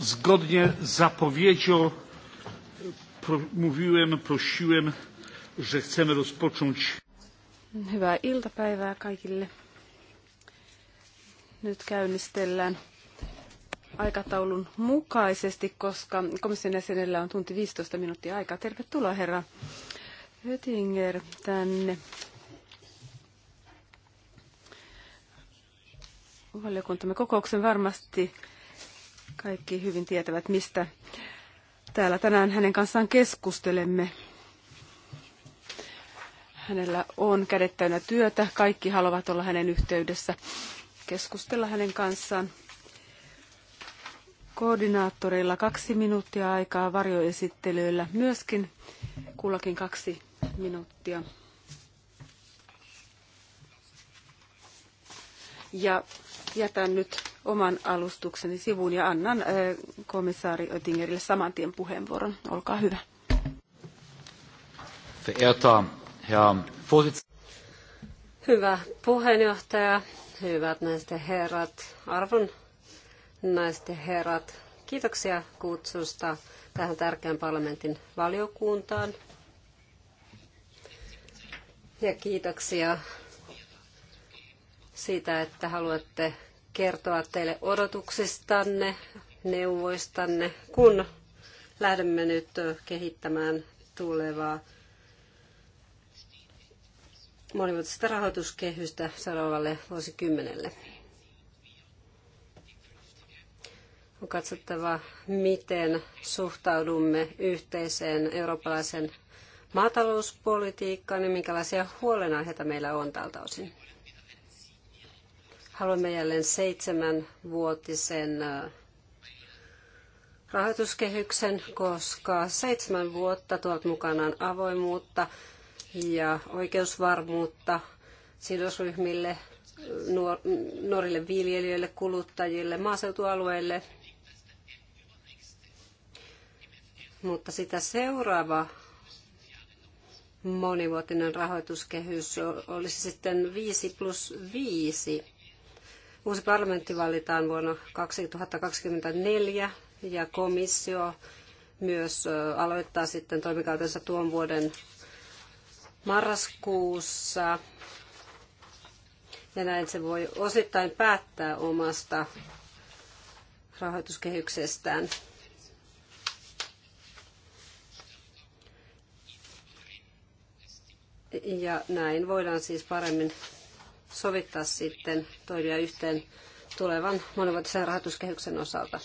Zgodnie z zapowiedzią mówiłem, prosiłem, że chcemy rozpocząć. Hyvää iltapäivää kaikille. Nyt käynnistellään aikataulun mukaisesti, koska komission jäsenellä on tunti 15 minuuttia aikaa. Tervetuloa herra Hötinger tänne. Valiokuntamme kokouksen varmasti kaikki hyvin tietävät, mistä täällä tänään hänen kanssaan keskustelemme. Hänellä on kädet täynnä työtä. Kaikki haluavat olla hänen yhteydessä, keskustella hänen kanssaan. Koordinaattoreilla kaksi minuuttia aikaa, varjoesittelyillä myöskin kullakin kaksi minuuttia. Ja jätän nyt oman alustukseni sivuun ja annan komissaari Oettingerille saman tien puheenvuoron. Olkaa hyvä. Hyvä puheenjohtaja, hyvät naisten herrat, arvon naisten herrat. Kiitoksia kutsusta tähän tärkeän parlamentin valiokuntaan. Ja kiitoksia siitä, että haluatte kertoa teille odotuksistanne, neuvoistanne, kun lähdemme nyt kehittämään tulevaa monivuotista rahoituskehystä seuraavalle vuosikymmenelle. On katsottava, miten suhtaudumme yhteiseen eurooppalaisen maatalouspolitiikkaan ja minkälaisia huolenaiheita meillä on tältä osin. Haluamme jälleen seitsemän vuotisen rahoituskehyksen, koska seitsemän vuotta tuot mukanaan avoimuutta ja oikeusvarmuutta sidosryhmille, nuorille viljelijöille, kuluttajille, maaseutualueille. Mutta sitä seuraava monivuotinen rahoituskehys olisi sitten 5 plus 5 Uusi parlamentti valitaan vuonna 2024 ja komissio myös aloittaa sitten toimikautensa tuon vuoden marraskuussa. Ja näin se voi osittain päättää omasta rahoituskehyksestään. Ja näin voidaan siis paremmin sovittaa sitten toimia yhteen tulevan monivuotisen rahoituskehyksen osalta.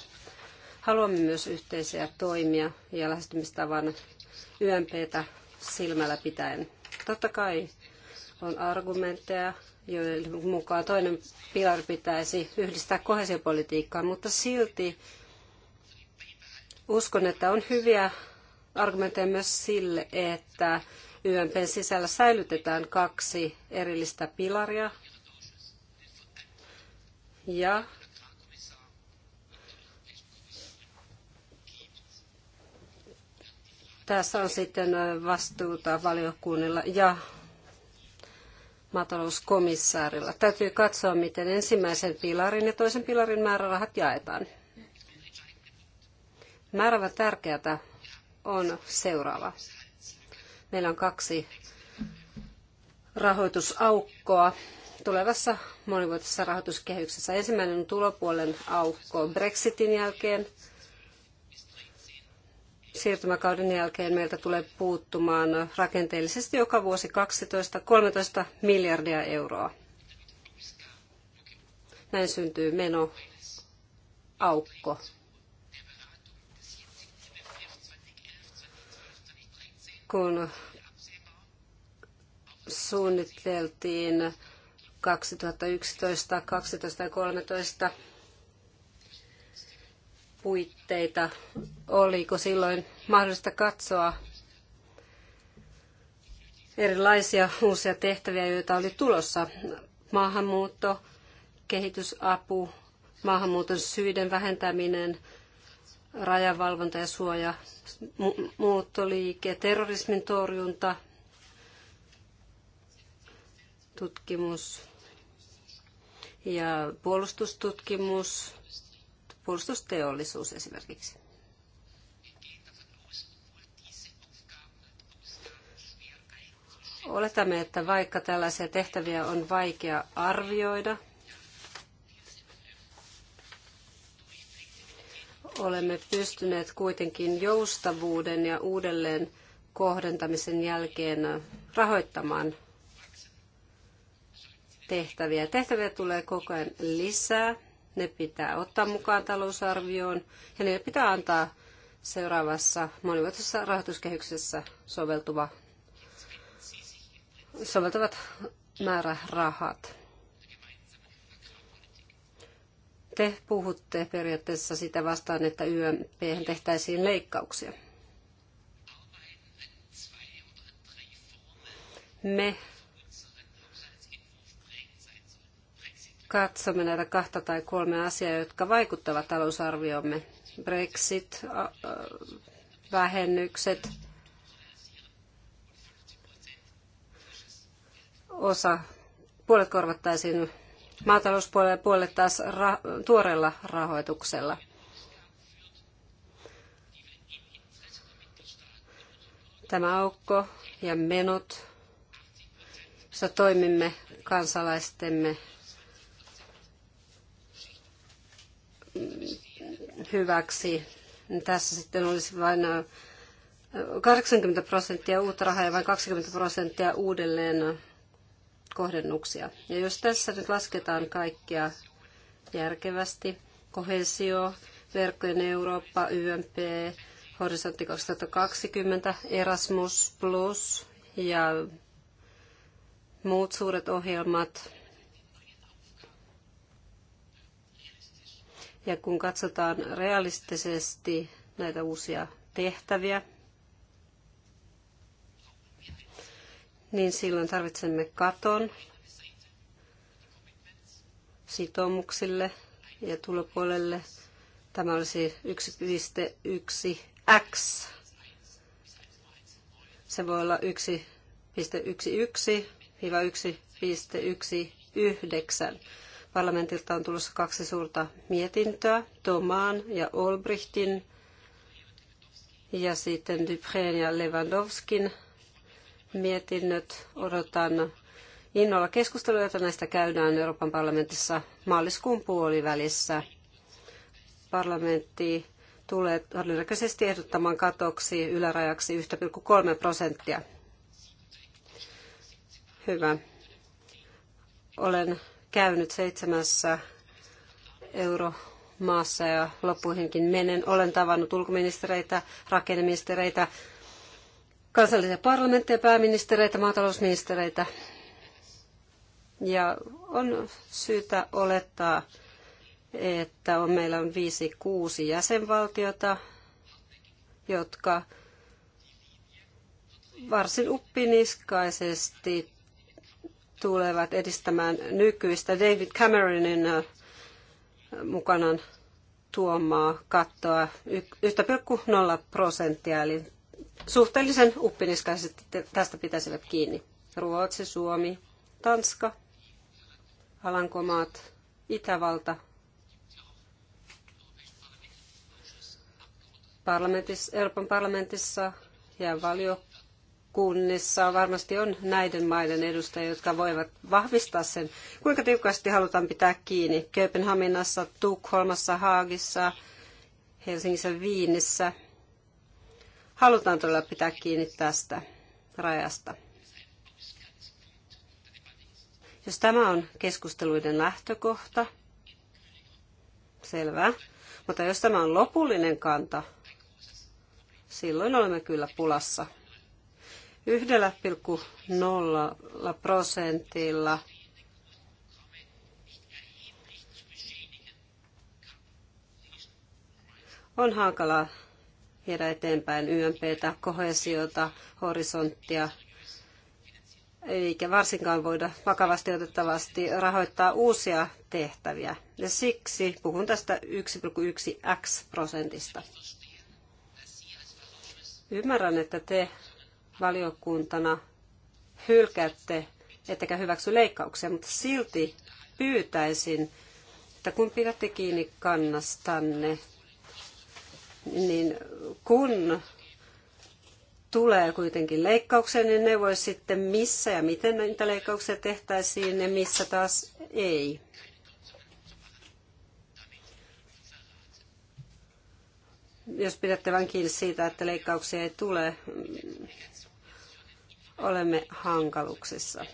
Haluamme myös yhteisiä toimia ja lähestymistavan YMPtä silmällä pitäen. Totta kai on argumentteja, joiden mukaan toinen pilari pitäisi yhdistää kohesiopolitiikkaan, mutta silti uskon, että on hyviä argumentteja myös sille, että YMPn sisällä säilytetään kaksi erillistä pilaria, ja tässä on sitten vastuuta valiokunnilla ja maatalouskomissaarilla. Täytyy katsoa, miten ensimmäisen pilarin ja toisen pilarin määrärahat jaetaan. Määrävä tärkeätä on seuraava. Meillä on kaksi rahoitusaukkoa tulevassa monivuotisessa rahoituskehyksessä. Ensimmäinen on tulopuolen aukko Brexitin jälkeen. Siirtymäkauden jälkeen meiltä tulee puuttumaan rakenteellisesti joka vuosi 12-13 miljardia euroa. Näin syntyy meno aukko. Kun suunniteltiin 2011, 12 ja 13 puitteita. Oliko silloin mahdollista katsoa erilaisia uusia tehtäviä, joita oli tulossa? Maahanmuutto, kehitysapu, maahanmuuton syiden vähentäminen, rajavalvonta ja suoja, muuttoliike, terrorismin torjunta, tutkimus, ja puolustustutkimus, puolustusteollisuus esimerkiksi. Oletamme, että vaikka tällaisia tehtäviä on vaikea arvioida, olemme pystyneet kuitenkin joustavuuden ja uudelleen kohdentamisen jälkeen rahoittamaan tehtäviä. Tehtäviä tulee koko ajan lisää. Ne pitää ottaa mukaan talousarvioon ja ne pitää antaa seuraavassa monivuotisessa rahoituskehyksessä soveltuva, soveltuvat määrärahat. Te puhutte periaatteessa sitä vastaan, että YMP tehtäisiin leikkauksia. Me katsomme näitä kahta tai kolme asiaa, jotka vaikuttavat talousarviomme. Brexit, vähennykset, osa, puolet korvattaisiin maatalouspuolella ja puolet taas ra- tuoreella rahoituksella. Tämä aukko ja menot, jossa toimimme kansalaistemme hyväksi. Tässä sitten olisi vain 80 prosenttia uutta rahaa ja vain 20 prosenttia uudelleen kohdennuksia. Ja jos tässä nyt lasketaan kaikkia järkevästi, kohesio, verkkojen Eurooppa, YMP, Horisontti 2020, Erasmus Plus ja muut suuret ohjelmat, Ja kun katsotaan realistisesti näitä uusia tehtäviä, niin silloin tarvitsemme katon sitoumuksille ja tulopuolelle. Tämä olisi 1.1x. Se voi olla 1.11-1.19. Parlamentilta on tulossa kaksi suurta mietintöä, Tomaan ja Olbrichtin, ja sitten Dupreen ja Lewandowskin mietinnöt. Odotan innolla keskustelua, jota näistä käydään Euroopan parlamentissa maaliskuun puolivälissä. Parlamentti tulee todennäköisesti ehdottamaan katoksi ylärajaksi 1,3 prosenttia. Hyvä. Olen käynyt seitsemässä euromaassa ja loppuihinkin menen. Olen tavannut ulkoministereitä, rakenneministereitä, kansallisia parlamentteja, pääministereitä, maatalousministereitä. Ja on syytä olettaa, että on, meillä on viisi, kuusi jäsenvaltiota, jotka varsin uppiniskaisesti tulevat edistämään nykyistä David Cameronin mukanaan tuomaa kattoa 1,0 prosenttia, eli suhteellisen uppiniskaisesti tästä pitäisivät kiinni. Ruotsi, Suomi, Tanska, Alankomaat, Itävalta. Parlamentissa, Euroopan parlamentissa ja valiokunnassa kunnissa varmasti on näiden maiden edustajia, jotka voivat vahvistaa sen, kuinka tiukasti halutaan pitää kiinni. Kööpenhaminassa, Tukholmassa, Haagissa, Helsingissä, Viinissä. Halutaan todella pitää kiinni tästä rajasta. Jos tämä on keskusteluiden lähtökohta, selvä. Mutta jos tämä on lopullinen kanta, silloin olemme kyllä pulassa. 1,0 prosentilla on hankala viedä eteenpäin YMPtä, kohesiota, horisonttia, eikä varsinkaan voida vakavasti otettavasti rahoittaa uusia tehtäviä. Ja siksi puhun tästä 1,1x prosentista. Ymmärrän, että te valiokuntana hylkäätte, ettekä hyväksy leikkauksia, mutta silti pyytäisin, että kun pidätte kiinni kannastanne, niin kun tulee kuitenkin leikkauksia, niin voi sitten missä ja miten niitä leikkauksia tehtäisiin ja missä taas ei. Jos pidätte vain kiinni siitä, että leikkauksia ei tule, olemme hankaluksissa.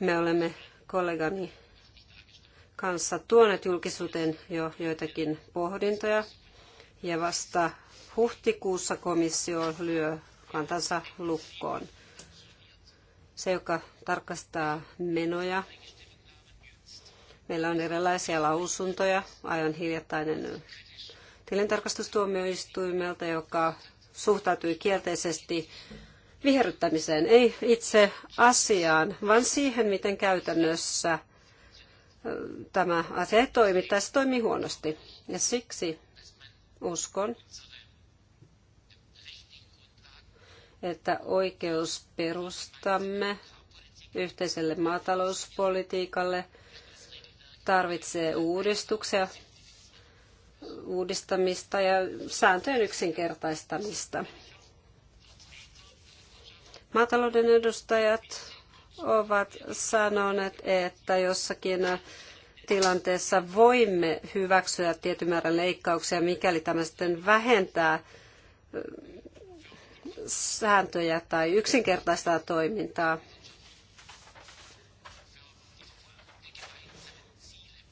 Me olemme kollegani kanssa tuoneet julkisuuteen jo joitakin pohdintoja ja vasta huhtikuussa komissio lyö kantansa lukkoon. Se, joka tarkastaa menoja Meillä on erilaisia lausuntoja, aivan hiljattainen tilintarkastustuomioistuimelta, joka suhtautui kielteisesti viherryttämiseen, ei itse asiaan, vaan siihen, miten käytännössä tämä asia ei toimi tai se toimii huonosti. Ja siksi uskon, että oikeusperustamme yhteiselle maatalouspolitiikalle – tarvitsee uudistuksia, uudistamista ja sääntöjen yksinkertaistamista. Maatalouden edustajat ovat sanoneet, että jossakin tilanteessa voimme hyväksyä tietyn määrän leikkauksia, mikäli tämä sitten vähentää sääntöjä tai yksinkertaistaa toimintaa.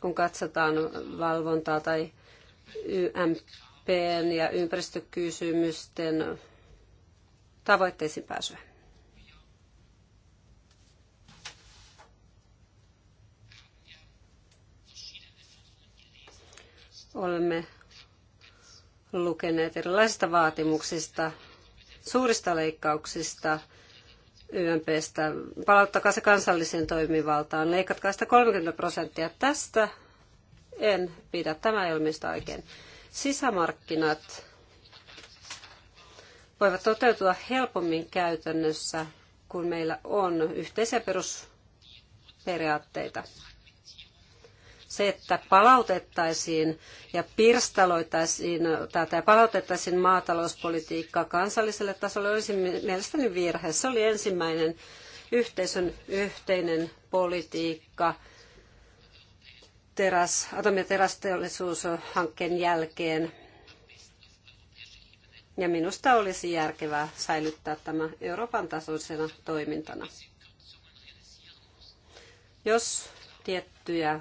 kun katsotaan valvontaa tai YMP ja ympäristökysymysten tavoitteisiin pääsyä. Olemme lukeneet erilaisista vaatimuksista, suurista leikkauksista, YMPstä, palauttakaa se kansalliseen toimivaltaan, leikatkaa sitä 30 prosenttia. Tästä en pidä, tämä ei ole mistä oikein. Sisämarkkinat voivat toteutua helpommin käytännössä, kun meillä on yhteisiä perusperiaatteita se, että palautettaisiin ja pirstaloitaisiin tätä ja palautettaisiin maatalouspolitiikkaa kansalliselle tasolle, olisi mielestäni virhe. Se oli ensimmäinen yhteisön yhteinen politiikka teräs, atomi- ja terästeollisuushankkeen jälkeen. Ja minusta olisi järkevää säilyttää tämä Euroopan tasoisena toimintana. Jos tiettyjä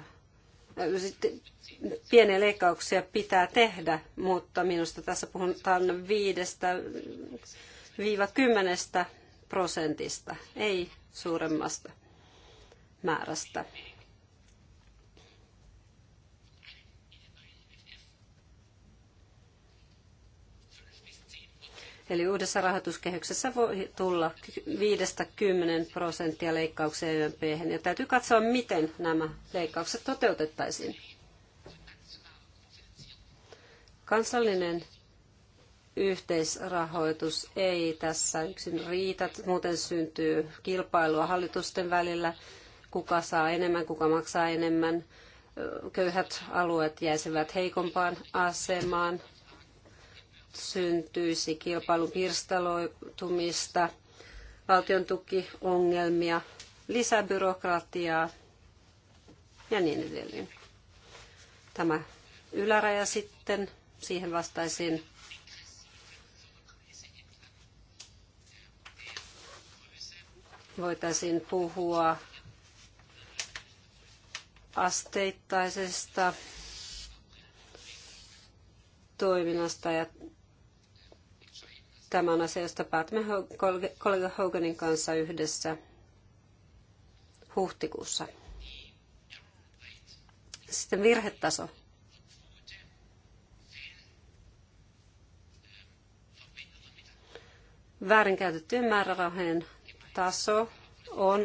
pieniä leikkauksia pitää tehdä, mutta minusta tässä puhutaan viidestä viiva kymmenestä prosentista, ei suuremmasta määrästä. Eli uudessa rahoituskehyksessä voi tulla 5-10 prosenttia leikkauksia YMP, ja täytyy katsoa, miten nämä leikkaukset toteutettaisiin. Kansallinen yhteisrahoitus ei tässä yksin riitä, muuten syntyy kilpailua hallitusten välillä, kuka saa enemmän, kuka maksaa enemmän, köyhät alueet jäisivät heikompaan asemaan, syntyisi kilpailun pirstaloitumista, valtion tukiongelmia, lisäbyrokratiaa ja niin edelleen. Tämä yläraja sitten, siihen vastaisin voitaisiin puhua asteittaisesta toiminnasta ja Tämän asiasta päätimme josta kollega Hoganin kanssa yhdessä huhtikuussa. Sitten virhetaso. Väärinkäytettyjen määrärahojen taso on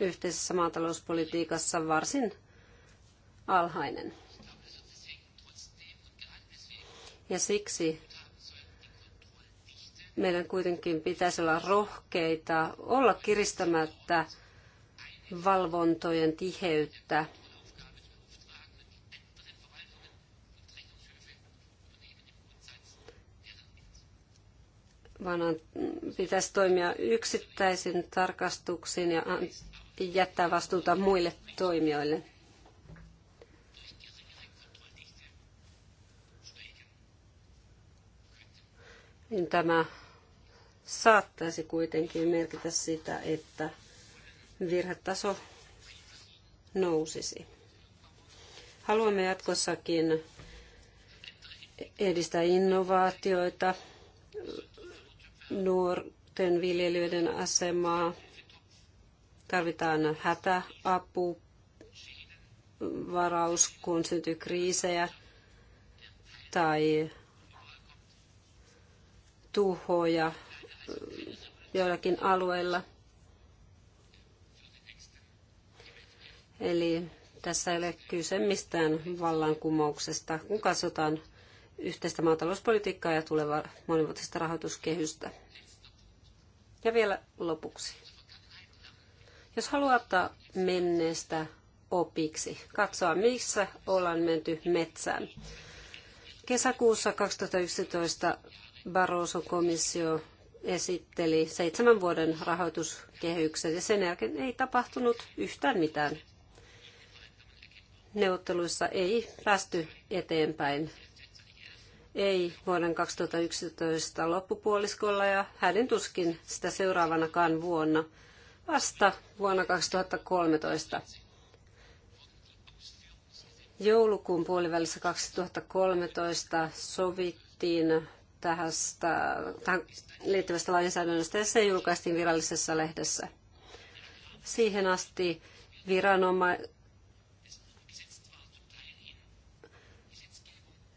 yhteisessä maatalouspolitiikassa varsin alhainen. Ja siksi meidän kuitenkin pitäisi olla rohkeita, olla kiristämättä valvontojen tiheyttä. vaan pitäisi toimia yksittäisin tarkastuksiin ja jättää vastuuta muille toimijoille. Niin tämä saattaisi kuitenkin merkitä sitä, että virhetaso nousisi. Haluamme jatkossakin edistää innovaatioita, nuorten viljelijöiden asemaa, tarvitaan hätäapu, varaus, kun syntyy kriisejä tai tuhoja joillakin alueilla. Eli tässä ei ole kyse mistään vallankumouksesta, kun katsotaan yhteistä maatalouspolitiikkaa ja tulevaa monivuotista rahoituskehystä. Ja vielä lopuksi. Jos haluaa ottaa menneestä opiksi, katsoa missä ollaan menty metsään. Kesäkuussa 2011 Barroso-komissio esitteli seitsemän vuoden rahoituskehyksen ja sen jälkeen ei tapahtunut yhtään mitään. Neuvotteluissa ei päästy eteenpäin. Ei vuoden 2011 loppupuoliskolla ja hädin tuskin sitä seuraavanakaan vuonna, vasta vuonna 2013. Joulukuun puolivälissä 2013 sovittiin tähästä, tähän liittyvästä lainsäädännöstä ja se julkaistiin virallisessa lehdessä. Siihen asti viranoma-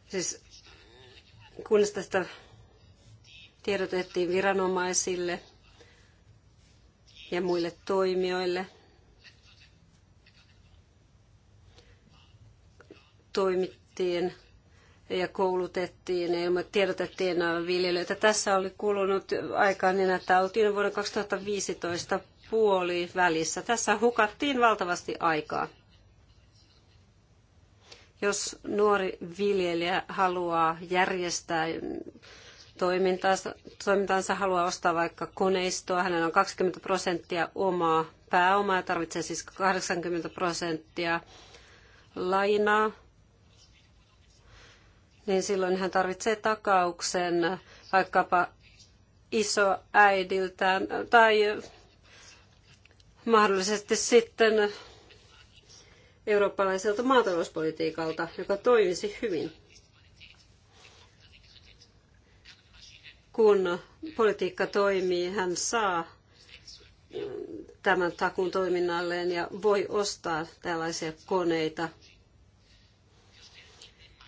siis kunnes tästä tiedotettiin viranomaisille ja muille toimijoille, toimittiin ja koulutettiin ja tiedotettiin viljelijöitä. Tässä oli kulunut aikaa niin, että oltiin vuoden 2015 puoli välissä. Tässä hukattiin valtavasti aikaa. Jos nuori viljelijä haluaa järjestää toimintansa, toimintansa haluaa ostaa vaikka koneistoa, hänellä on 20 prosenttia omaa pääomaa, tarvitsee siis 80 prosenttia lainaa, niin silloin hän tarvitsee takauksen vaikkapa isoäidiltään tai mahdollisesti sitten eurooppalaiselta maatalouspolitiikalta, joka toimisi hyvin. Kun politiikka toimii, hän saa tämän takuun toiminnalleen ja voi ostaa tällaisia koneita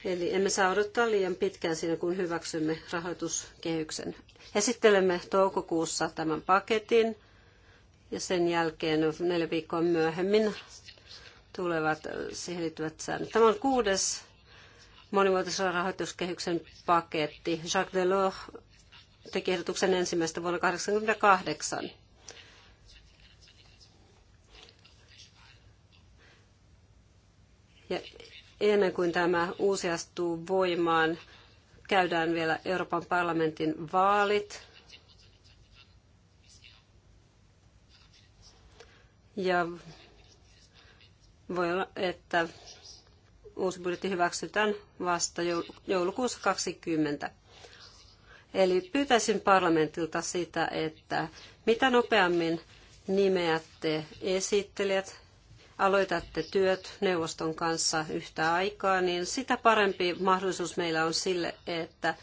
Eli emme saa odottaa liian pitkään siinä, kun hyväksymme rahoituskehyksen. Esittelemme toukokuussa tämän paketin ja sen jälkeen neljä viikkoa myöhemmin tulevat siihen liittyvät säännöt. Tämä on kuudes monivuotisen rahoituskehyksen paketti. Jacques Delors teki ehdotuksen ensimmäistä vuonna 1988. Ja ennen kuin tämä uusi astuu voimaan, käydään vielä Euroopan parlamentin vaalit. Ja voi olla, että uusi budjetti hyväksytään vasta joulukuussa 2020. Eli pyytäisin parlamentilta sitä, että mitä nopeammin nimeätte esittelijät aloitatte työt neuvoston kanssa yhtä aikaa, niin sitä parempi mahdollisuus meillä on sille, että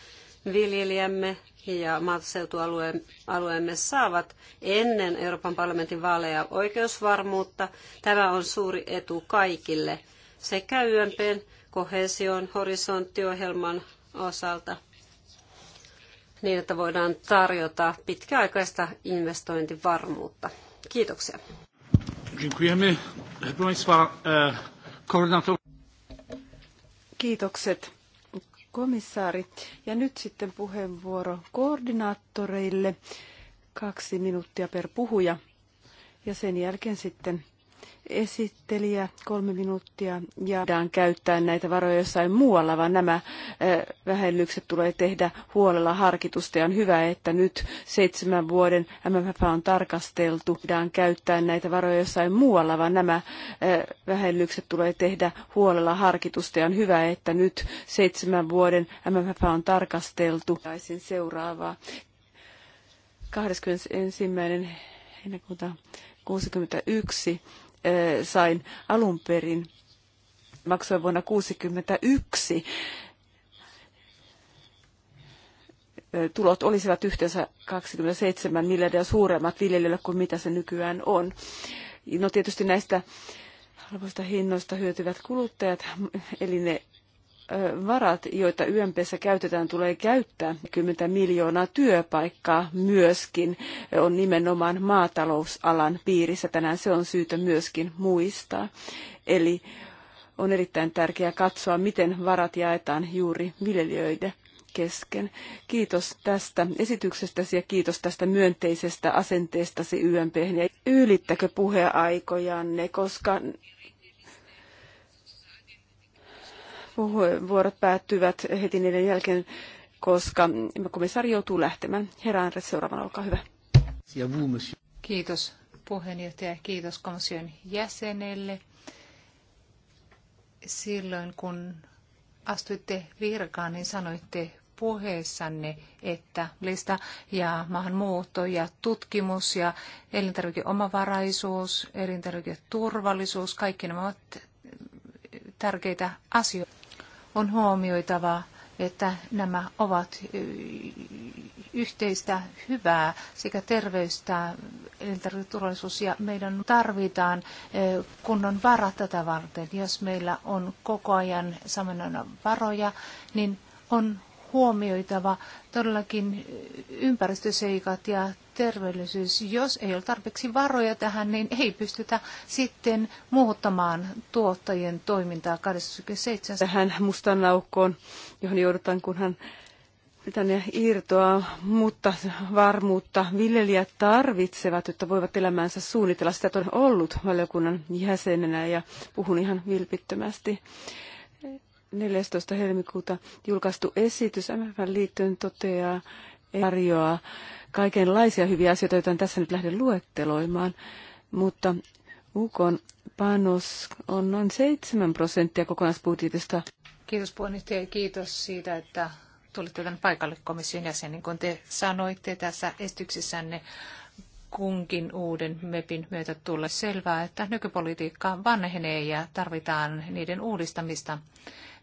viljelijämme ja maaseutualueemme saavat ennen Euroopan parlamentin vaaleja oikeusvarmuutta. Tämä on suuri etu kaikille sekä YMPn, kohesion, horisonttiohjelman osalta niin, että voidaan tarjota pitkäaikaista investointivarmuutta. Kiitoksia. Dziękujemy. Państwa, e, koordynator... Kiitokset komissaari. Ja nyt sitten puheenvuoro koordinaattoreille. Kaksi minuuttia per puhuja. Ja sen jälkeen sitten esittelijä kolme minuuttia ja voidaan käyttää näitä varoja jossain muualla, vaan nämä vähennykset tulee tehdä huolella harkitusta ja on hyvä, että nyt seitsemän vuoden MFF on tarkasteltu. Voidaan käyttää näitä varoja jossain muualla, vaan nämä vähennykset tulee tehdä huolella harkitusta ja on hyvä, että nyt seitsemän vuoden MFF on tarkasteltu. Taisin seuraavaa. 21. heinäkuuta 61 sain alun perin, maksoin vuonna 1961. Tulot olisivat yhteensä 27 miljardia suuremmat viljelijöille kuin mitä se nykyään on. No tietysti näistä halvoista hinnoista hyötyvät kuluttajat, eli ne varat, joita YMPssä käytetään, tulee käyttää. 10 miljoonaa työpaikkaa myöskin on nimenomaan maatalousalan piirissä. Tänään se on syytä myöskin muistaa. Eli on erittäin tärkeää katsoa, miten varat jaetaan juuri viljelijöiden kesken. Kiitos tästä esityksestäsi ja kiitos tästä myönteisestä asenteestasi YMP. Ja ylittäkö puheaikojanne, koska puheenvuorot päättyvät heti niiden jälkeen, koska komissaari joutuu lähtemään. Herra Andres, seuraavana, olkaa hyvä. Kiitos puheenjohtaja, kiitos komission jäsenelle. Silloin kun astuitte virkaan, niin sanoitte puheessanne, että lista ja maahanmuutto ja tutkimus ja elintarvikeomavaraisuus, elintarviketurvallisuus, kaikki nämä ovat tärkeitä asioita on huomioitava, että nämä ovat yhteistä hyvää sekä terveystä, elintarviketurvallisuus ja meidän tarvitaan kunnon varat tätä varten. Jos meillä on koko ajan samana varoja, niin on huomioitava todellakin ympäristöseikat ja terveellisyys. Jos ei ole tarpeeksi varoja tähän, niin ei pystytä sitten muuttamaan tuottajien toimintaa 27. Tähän mustan aukkoon, johon joudutaan, kunhan tänne irtoaa, mutta varmuutta viljelijät tarvitsevat, jotta voivat elämäänsä suunnitella. Sitä on ollut valiokunnan jäsenenä ja puhun ihan vilpittömästi. 14. helmikuuta julkaistu esitys MFN liittyen toteaa, tarjoaa kaikenlaisia hyviä asioita, joita en tässä nyt lähde luetteloimaan, mutta UKon panos on noin 7 prosenttia kokonaisbudjetista. Kiitos puheenjohtaja ja kiitos siitä, että tulitte tämän paikalle komission jäsen. Niin kuin te sanoitte tässä esityksessänne, kunkin uuden MEPin myötä tulee selvää, että nykypolitiikka vanhenee ja tarvitaan niiden uudistamista.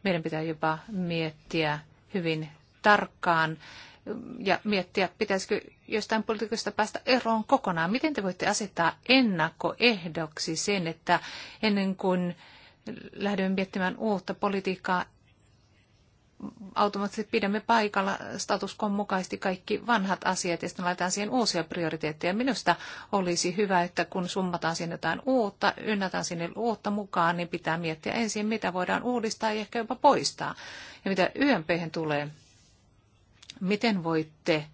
Meidän pitää jopa miettiä hyvin tarkkaan ja miettiä, pitäisikö jostain politiikasta päästä eroon kokonaan. Miten te voitte asettaa ennakkoehdoksi sen, että ennen kuin lähdemme miettimään uutta politiikkaa, automaattisesti pidämme paikalla statuskon mukaisesti kaikki vanhat asiat ja sitten laitetaan siihen uusia prioriteetteja. Minusta olisi hyvä, että kun summataan sinne jotain uutta, ynnätään sinne uutta mukaan, niin pitää miettiä ensin, mitä voidaan uudistaa ja ehkä jopa poistaa. Ja mitä YMP tulee, miten voitte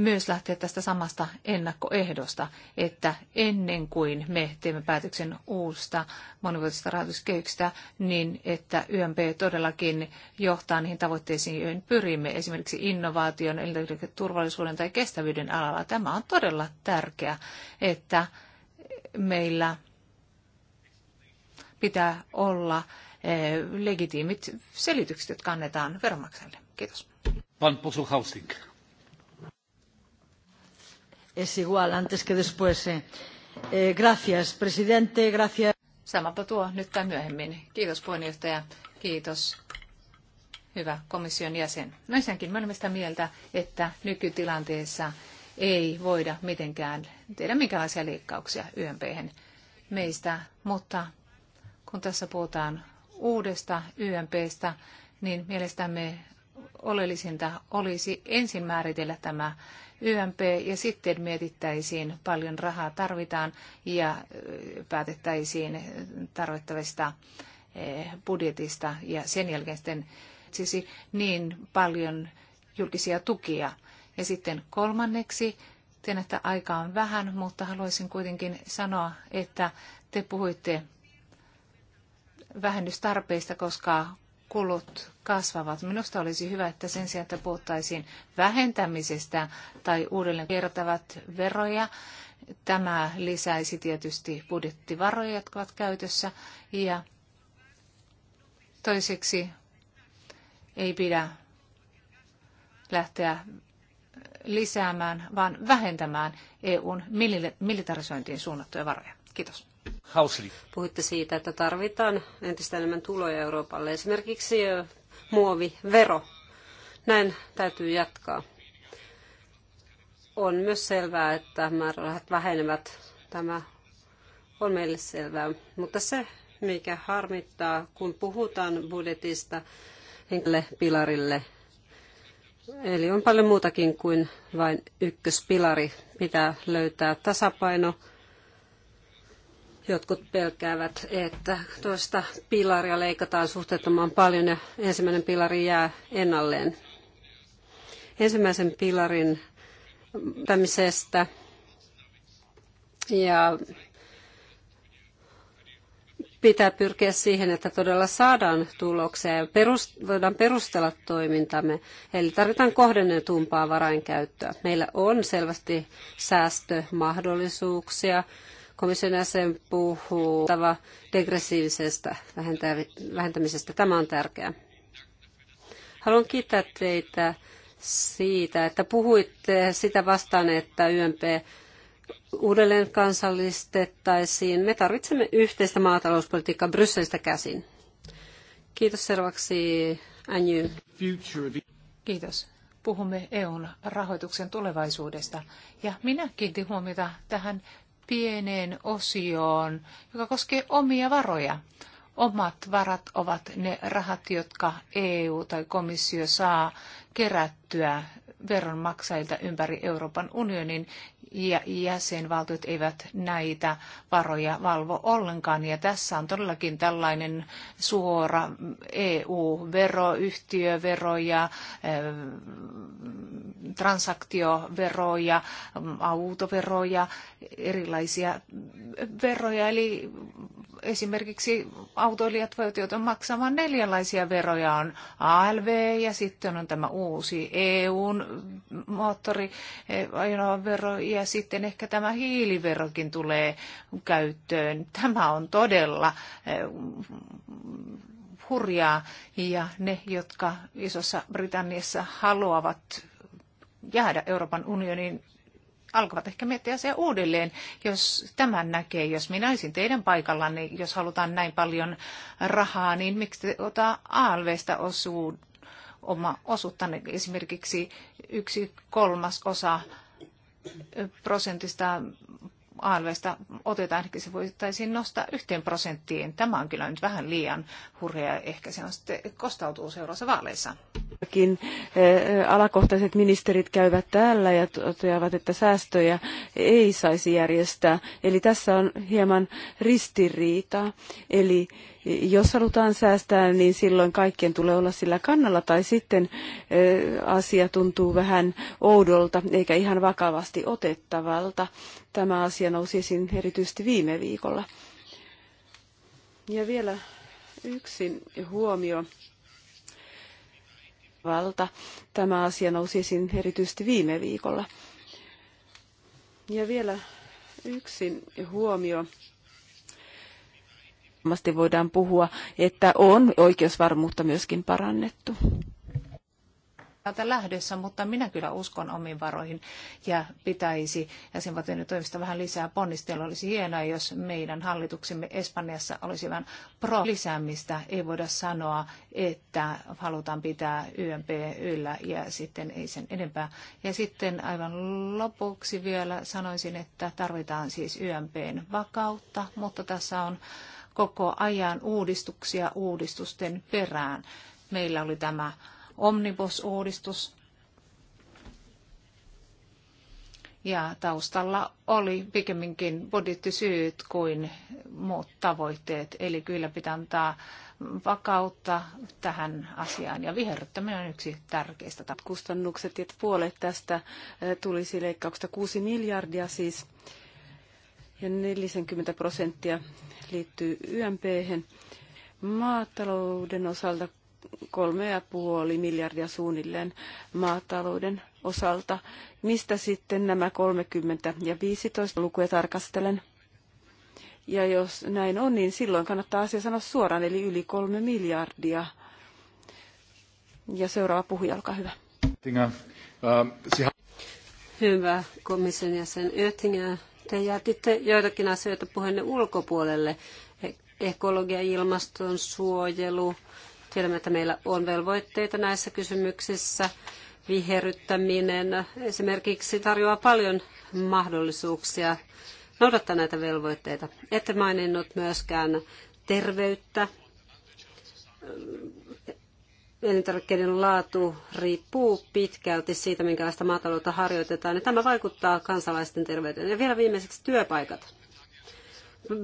myös lähteä tästä samasta ennakkoehdosta, että ennen kuin me teemme päätöksen uusta monivuotisesta rahoituskehyksestä, niin että YMP todellakin johtaa niihin tavoitteisiin, joihin pyrimme, esimerkiksi innovaation, turvallisuuden tai kestävyyden alalla. Tämä on todella tärkeää, että meillä pitää olla eh, legitiimit selitykset, jotka annetaan veronmaksajille. Kiitos. Pan Posul es igual antes que después. Eh. Eh, gracias, presidente. Gracias. Samapa tuo nyt tai myöhemmin. Kiitos puheenjohtaja. Kiitos. Hyvä komission jäsen. No ensinnäkin me olemme sitä mieltä, että nykytilanteessa ei voida mitenkään tehdä minkälaisia leikkauksia ymp meistä, mutta kun tässä puhutaan uudesta YMPstä, niin mielestämme oleellisinta olisi ensin määritellä tämä YMP ja sitten mietittäisiin paljon rahaa tarvitaan ja päätettäisiin tarvittavista budjetista ja sen jälkeen sitten siis niin paljon julkisia tukia. Ja sitten kolmanneksi, tiedän, että aika on vähän, mutta haluaisin kuitenkin sanoa, että te puhuitte vähennystarpeista, koska kulut kasvavat. Minusta olisi hyvä, että sen sijaan, että puhuttaisiin vähentämisestä tai uudelleen kertavat veroja, tämä lisäisi tietysti budjettivaroja, jotka ovat käytössä. Ja toiseksi ei pidä lähteä lisäämään, vaan vähentämään EUn militarisointiin suunnattuja varoja. Kiitos. Puhuitte siitä, että tarvitaan entistä enemmän tuloja Euroopalle. Esimerkiksi muovivero. Näin täytyy jatkaa. On myös selvää, että määrärahat vähenevät. Tämä on meille selvää. Mutta se, mikä harmittaa, kun puhutaan budjetista henkilölle pilarille, eli on paljon muutakin kuin vain ykköspilari. Pitää löytää tasapaino Jotkut pelkäävät, että toista pilaria leikataan suhteettoman paljon ja ensimmäinen pilari jää ennalleen. Ensimmäisen pilarin tämisestä ja pitää pyrkiä siihen, että todella saadaan tuloksia ja perust- voidaan perustella toimintamme. Eli tarvitaan kohdennetumpaa varainkäyttöä. Meillä on selvästi säästömahdollisuuksia komission jäsen puhuu tava degressiivisestä vähentämisestä. Tämä on tärkeää. Haluan kiittää teitä siitä, että puhuitte sitä vastaan, että YMP uudelleen kansallistettaisiin. Me tarvitsemme yhteistä maatalouspolitiikkaa Brysselistä käsin. Kiitos seuraavaksi Anju. Kiitos. Puhumme EUn rahoituksen tulevaisuudesta ja minä kiinnitin huomiota tähän pieneen osioon, joka koskee omia varoja. Omat varat ovat ne rahat, jotka EU tai komissio saa kerättyä veronmaksajilta ympäri Euroopan unionin jäsenvaltiot eivät näitä varoja valvo ollenkaan. Ja tässä on todellakin tällainen suora EU-vero, yhtiövero ja eh, transaktioveroja, autoveroja, erilaisia veroja. Eli esimerkiksi autoilijat voivat joutua maksamaan neljänlaisia veroja. On ALV ja sitten on tämä uusi EUn moottoriajoneuvovero eh, ja sitten ehkä tämä hiiliverokin tulee käyttöön. Tämä on todella eh, hurjaa ja ne, jotka Isossa Britanniassa haluavat jäädä Euroopan unioniin, alkavat ehkä miettiä se uudelleen, jos tämän näkee. Jos minä olisin teidän paikallanne, jos halutaan näin paljon rahaa, niin miksi te ota ALVstä osuuden? oma osuutta. Niin esimerkiksi yksi kolmas osa prosentista alvesta otetaan, ehkä se voitaisiin nostaa yhteen prosenttiin. Tämä on kyllä nyt vähän liian hurjaa, ehkä se on sitten kostautuu seuraavassa vaaleissa. Eh, alakohtaiset ministerit käyvät täällä ja toteavat, että säästöjä ei saisi järjestää. Eli tässä on hieman ristiriita. Eli jos halutaan säästää, niin silloin kaikkien tulee olla sillä kannalla, tai sitten eh, asia tuntuu vähän oudolta eikä ihan vakavasti otettavalta. Tämä asia nousi esiin erityisesti viime viikolla. Ja vielä yksi huomio. Valta. Tämä asia nousi esiin erityisesti viime viikolla. Ja vielä yksi huomio. Varmasti voidaan puhua, että on oikeusvarmuutta myöskin parannettu täältä lähdössä, mutta minä kyllä uskon omiin varoihin ja pitäisi jäsenvaltioiden toimista vähän lisää ponnistella. Olisi hienoa, jos meidän hallituksemme Espanjassa olisi vähän pro lisäämistä. Ei voida sanoa, että halutaan pitää YMP yllä ja sitten ei sen enempää. Ja sitten aivan lopuksi vielä sanoisin, että tarvitaan siis YMPn vakautta, mutta tässä on koko ajan uudistuksia uudistusten perään. Meillä oli tämä omnibus-uudistus. Ja taustalla oli pikemminkin budjettisyyt kuin muut tavoitteet, eli kyllä pitää antaa vakautta tähän asiaan. Ja viherryttäminen on yksi tärkeistä tavoitteista. Kustannukset, että puolet tästä eh, tulisi siis leikkauksesta 6 miljardia siis, ja 40 prosenttia liittyy YMP. Maatalouden osalta kolme ja puoli miljardia suunnilleen maatalouden osalta. Mistä sitten nämä 30 ja 15 lukuja tarkastelen? Ja jos näin on, niin silloin kannattaa asia sanoa suoraan, eli yli kolme miljardia. Ja seuraava puhuja, olkaa hyvä. Äh, hyvä komission jäsen Oettinger. Te jätitte joitakin asioita puheenne ulkopuolelle. E- ekologia, ilmaston suojelu, Tiedämme, että meillä on velvoitteita näissä kysymyksissä. Viherryttäminen esimerkiksi tarjoaa paljon mahdollisuuksia noudattaa näitä velvoitteita. Ette maininnut myöskään terveyttä. Elintarvikkeiden laatu riippuu pitkälti siitä, minkälaista maataloutta harjoitetaan. Ja tämä vaikuttaa kansalaisten terveyteen. Ja vielä viimeiseksi työpaikat.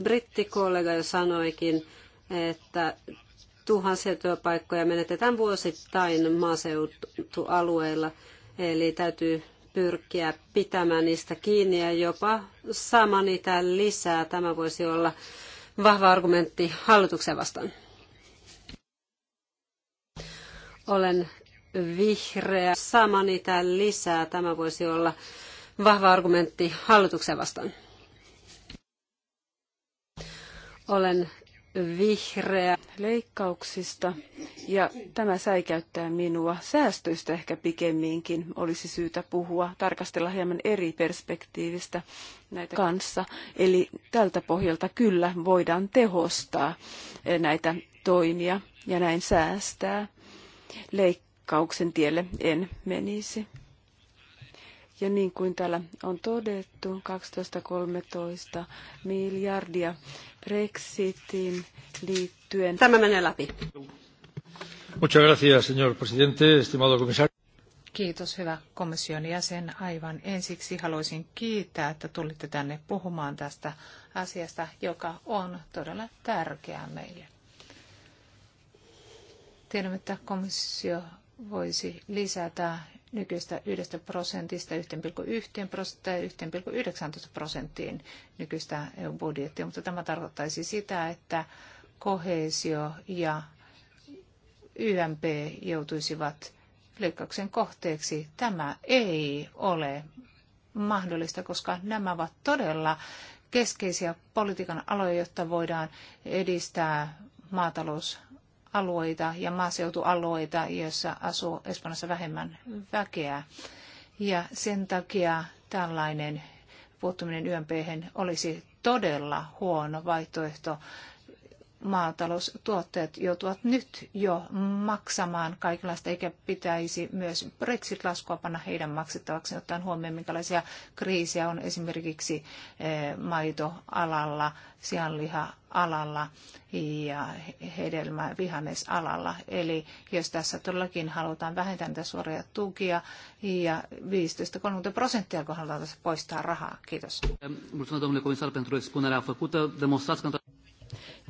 Brittikollega jo sanoikin, että tuhansia työpaikkoja menetetään vuosittain maaseutualueilla, eli täytyy pyrkiä pitämään niistä kiinni ja jopa saamaan niitä lisää. Tämä voisi olla vahva argumentti hallituksen vastaan. Olen vihreä. Saamaan niitä lisää. Tämä voisi olla vahva argumentti hallituksen vastaan. Olen vihreä leikkauksista ja tämä säikäyttää minua. Säästöistä ehkä pikemminkin olisi syytä puhua, tarkastella hieman eri perspektiivistä näitä kanssa. Eli tältä pohjalta kyllä voidaan tehostaa eh, näitä toimia ja näin säästää. Leikkauksen tielle en menisi. Ja niin kuin täällä on todettu, 12-13 miljardia Brexitiin liittyen. Tämä menee läpi. Muchas gracias, señor presidente, estimado comisario. Kiitos hyvä komission jäsen. Aivan ensiksi haluaisin kiittää, että tulitte tänne puhumaan tästä asiasta, joka on todella tärkeää meille. Tiedämme, että komissio voisi lisätä nykyistä 1 prosentista 1,1 prosenttia ja 1,19 prosenttiin nykyistä EU-budjettia, mutta tämä tarkoittaisi sitä, että kohesio ja YMP joutuisivat leikkauksen kohteeksi. Tämä ei ole mahdollista, koska nämä ovat todella keskeisiä politiikan aloja, jotta voidaan edistää maatalous alueita ja maaseutualueita, joissa asuu Espanjassa vähemmän väkeä. Ja sen takia tällainen puuttuminen YMP olisi todella huono vaihtoehto. Maataloustuotteet joutuvat nyt jo maksamaan kaikenlaista, eikä pitäisi myös Brexit-laskua panna heidän maksettavaksi, ottaen huomioon, minkälaisia kriisejä on esimerkiksi eh, maitoalalla, sianliha alalla ja hedelmä vihannesalalla. Eli jos tässä todellakin halutaan vähentää niitä suoria tukia ja 15-30 prosenttia, kun halutaan tässä poistaa rahaa. Kiitos.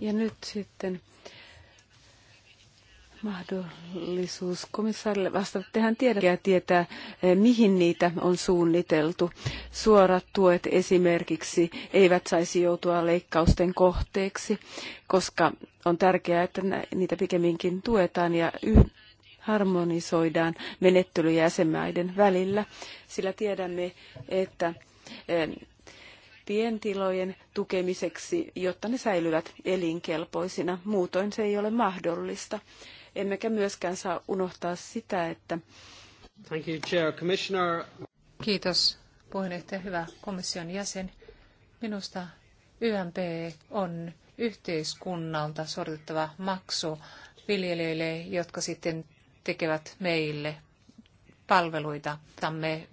Ja nyt sitten mahdollisuus komissaarille vastata. Tehän tiedätte ja tietää, eh, mihin niitä on suunniteltu. Suorat tuet esimerkiksi eivät saisi joutua leikkausten kohteeksi, koska on tärkeää, että niitä pikemminkin tuetaan ja harmonisoidaan menettelyjä jäsenmaiden välillä, sillä tiedämme, että eh, pientilojen tukemiseksi, jotta ne säilyvät elinkelpoisina. Muutoin se ei ole mahdollista. Emmekä myöskään saa unohtaa sitä, että... Thank you, Chair. Commissioner. Kiitos puheenjohtaja, hyvä komission jäsen. Minusta YMP on yhteiskunnalta suoritettava maksu viljelijöille, jotka sitten tekevät meille palveluita. Tamme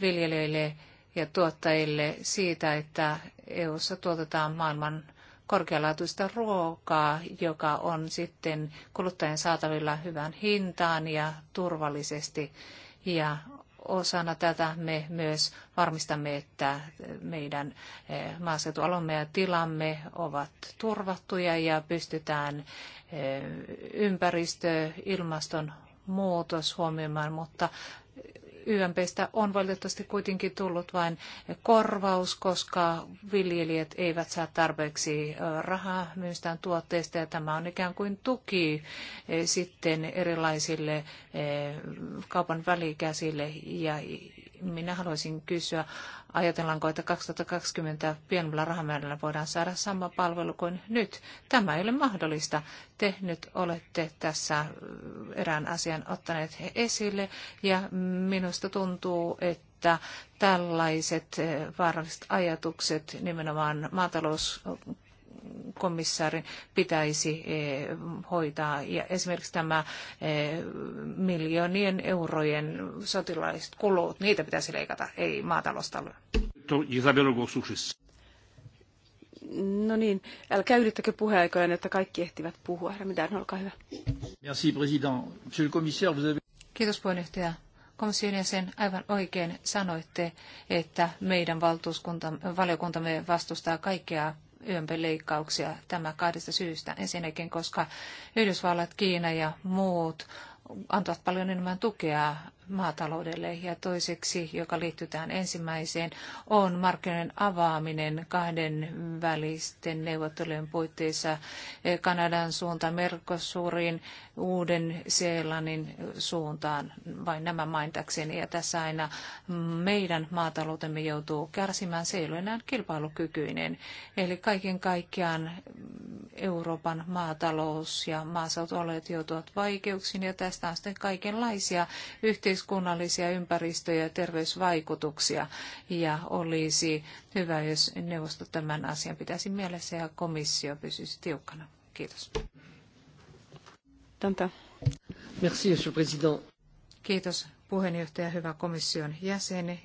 viljelijöille ja tuottajille siitä, että EU:ssa tuotetaan maailman korkealaatuista ruokaa, joka on sitten kuluttajien saatavilla hyvän hintaan ja turvallisesti. Ja osana tätä me myös varmistamme, että meidän eh, maaseutualomme ja tilamme ovat turvattuja ja pystytään eh, ympäristö, ilmaston muutos huomioimaan, mutta YMPstä on valitettavasti kuitenkin tullut vain korvaus, koska viljelijät eivät saa tarpeeksi rahaa myystään tuotteista ja tämä on ikään kuin tuki sitten erilaisille kaupan välikäsille ja minä haluaisin kysyä, ajatellaanko, että 2020 pienellä rahamäärällä voidaan saada sama palvelu kuin nyt? Tämä ei ole mahdollista. Te nyt olette tässä erään asian ottaneet esille ja minusta tuntuu, että että tällaiset vaaralliset ajatukset nimenomaan maatalous komissaarin pitäisi eh, hoitaa. Ja esimerkiksi tämä eh, miljoonien eurojen sotilaiset kulut, niitä pitäisi leikata, ei maatalosta. No niin, älkää ylittäkö puheaikoja, että kaikki ehtivät puhua. Herra Midan, olkaa hyvä. Merci, président. Monsieur le commissaire, vous avez... Kiitos puheenjohtaja komission jäsen aivan oikein sanoitte, että meidän valtuuskunta, valiokuntamme vastustaa kaikkea ympöleikkauksia tämä kahdesta syystä. Ensinnäkin, koska Yhdysvallat, Kiina ja muut antavat paljon enemmän tukea maataloudelle. Ja toiseksi, joka liittyy tähän ensimmäiseen, on markkinoiden avaaminen kahden välisten neuvottelujen puitteissa Kanadan suuntaan Merkosuuriin Uuden Seelannin suuntaan, vain nämä mainitakseni. Ja tässä aina meidän maataloutemme joutuu kärsimään, se ei ole enää kilpailukykyinen. Eli kaiken kaikkiaan Euroopan maatalous ja maaseutualueet joutuvat vaikeuksiin ja tästä on sitten kaikenlaisia yhteiskunnallisia ympäristö- ja terveysvaikutuksia. Ja olisi hyvä, jos neuvosto tämän asian pitäisi mielessä ja komissio pysyisi tiukkana. Kiitos. Dantin. Merci, monsieur le président. Kiitos puheenjohtaja, hyvä komission jäsen.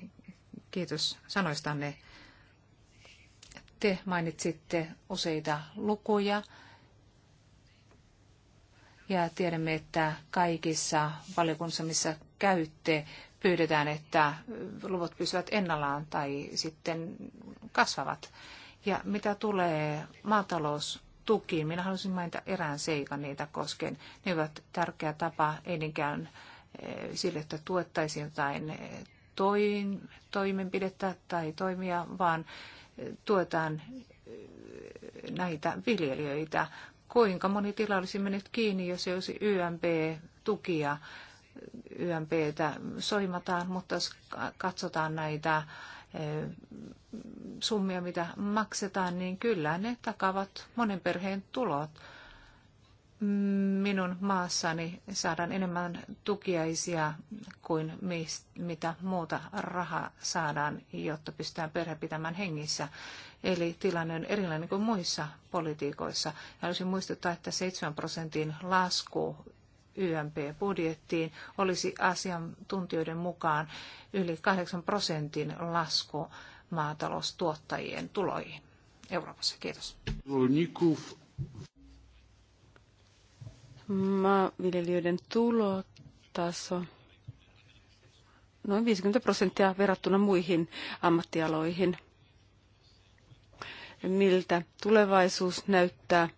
Kiitos sanoistanne. Te mainitsitte useita lukuja ja tiedämme, että kaikissa valiokunnissa, missä käytte, pyydetään, että luvut pysyvät ennallaan tai sitten kasvavat. Ja mitä tulee maatalous tukiin. Minä haluaisin mainita erään seikan niitä koskien. Ne ovat tärkeä tapa enikään eh, sille, että tuettaisiin jotain eh, toin, toimenpidettä tai toimia, vaan eh, tuetaan näitä viljelijöitä. Kuinka moni tila olisi mennyt kiinni, jos ei olisi YMP-tukia? YMPtä soimataan, mutta jos katsotaan näitä Eh, summia, mitä maksetaan, niin kyllä ne takavat monen perheen tulot. Minun maassani saadaan enemmän tukiaisia kuin mitä muuta rahaa saadaan, jotta pystytään perhe pitämään hengissä. Eli tilanne on erilainen kuin muissa politiikoissa. Haluaisin muistuttaa, että 7 prosentin lasku YMP-budjettiin olisi asiantuntijoiden mukaan yli 8 prosentin lasku maataloustuottajien tuloihin Euroopassa. Kiitos. Maanviljelijöiden tulotaso noin 50 prosenttia verrattuna muihin ammattialoihin – miltä tulevaisuus näyttää.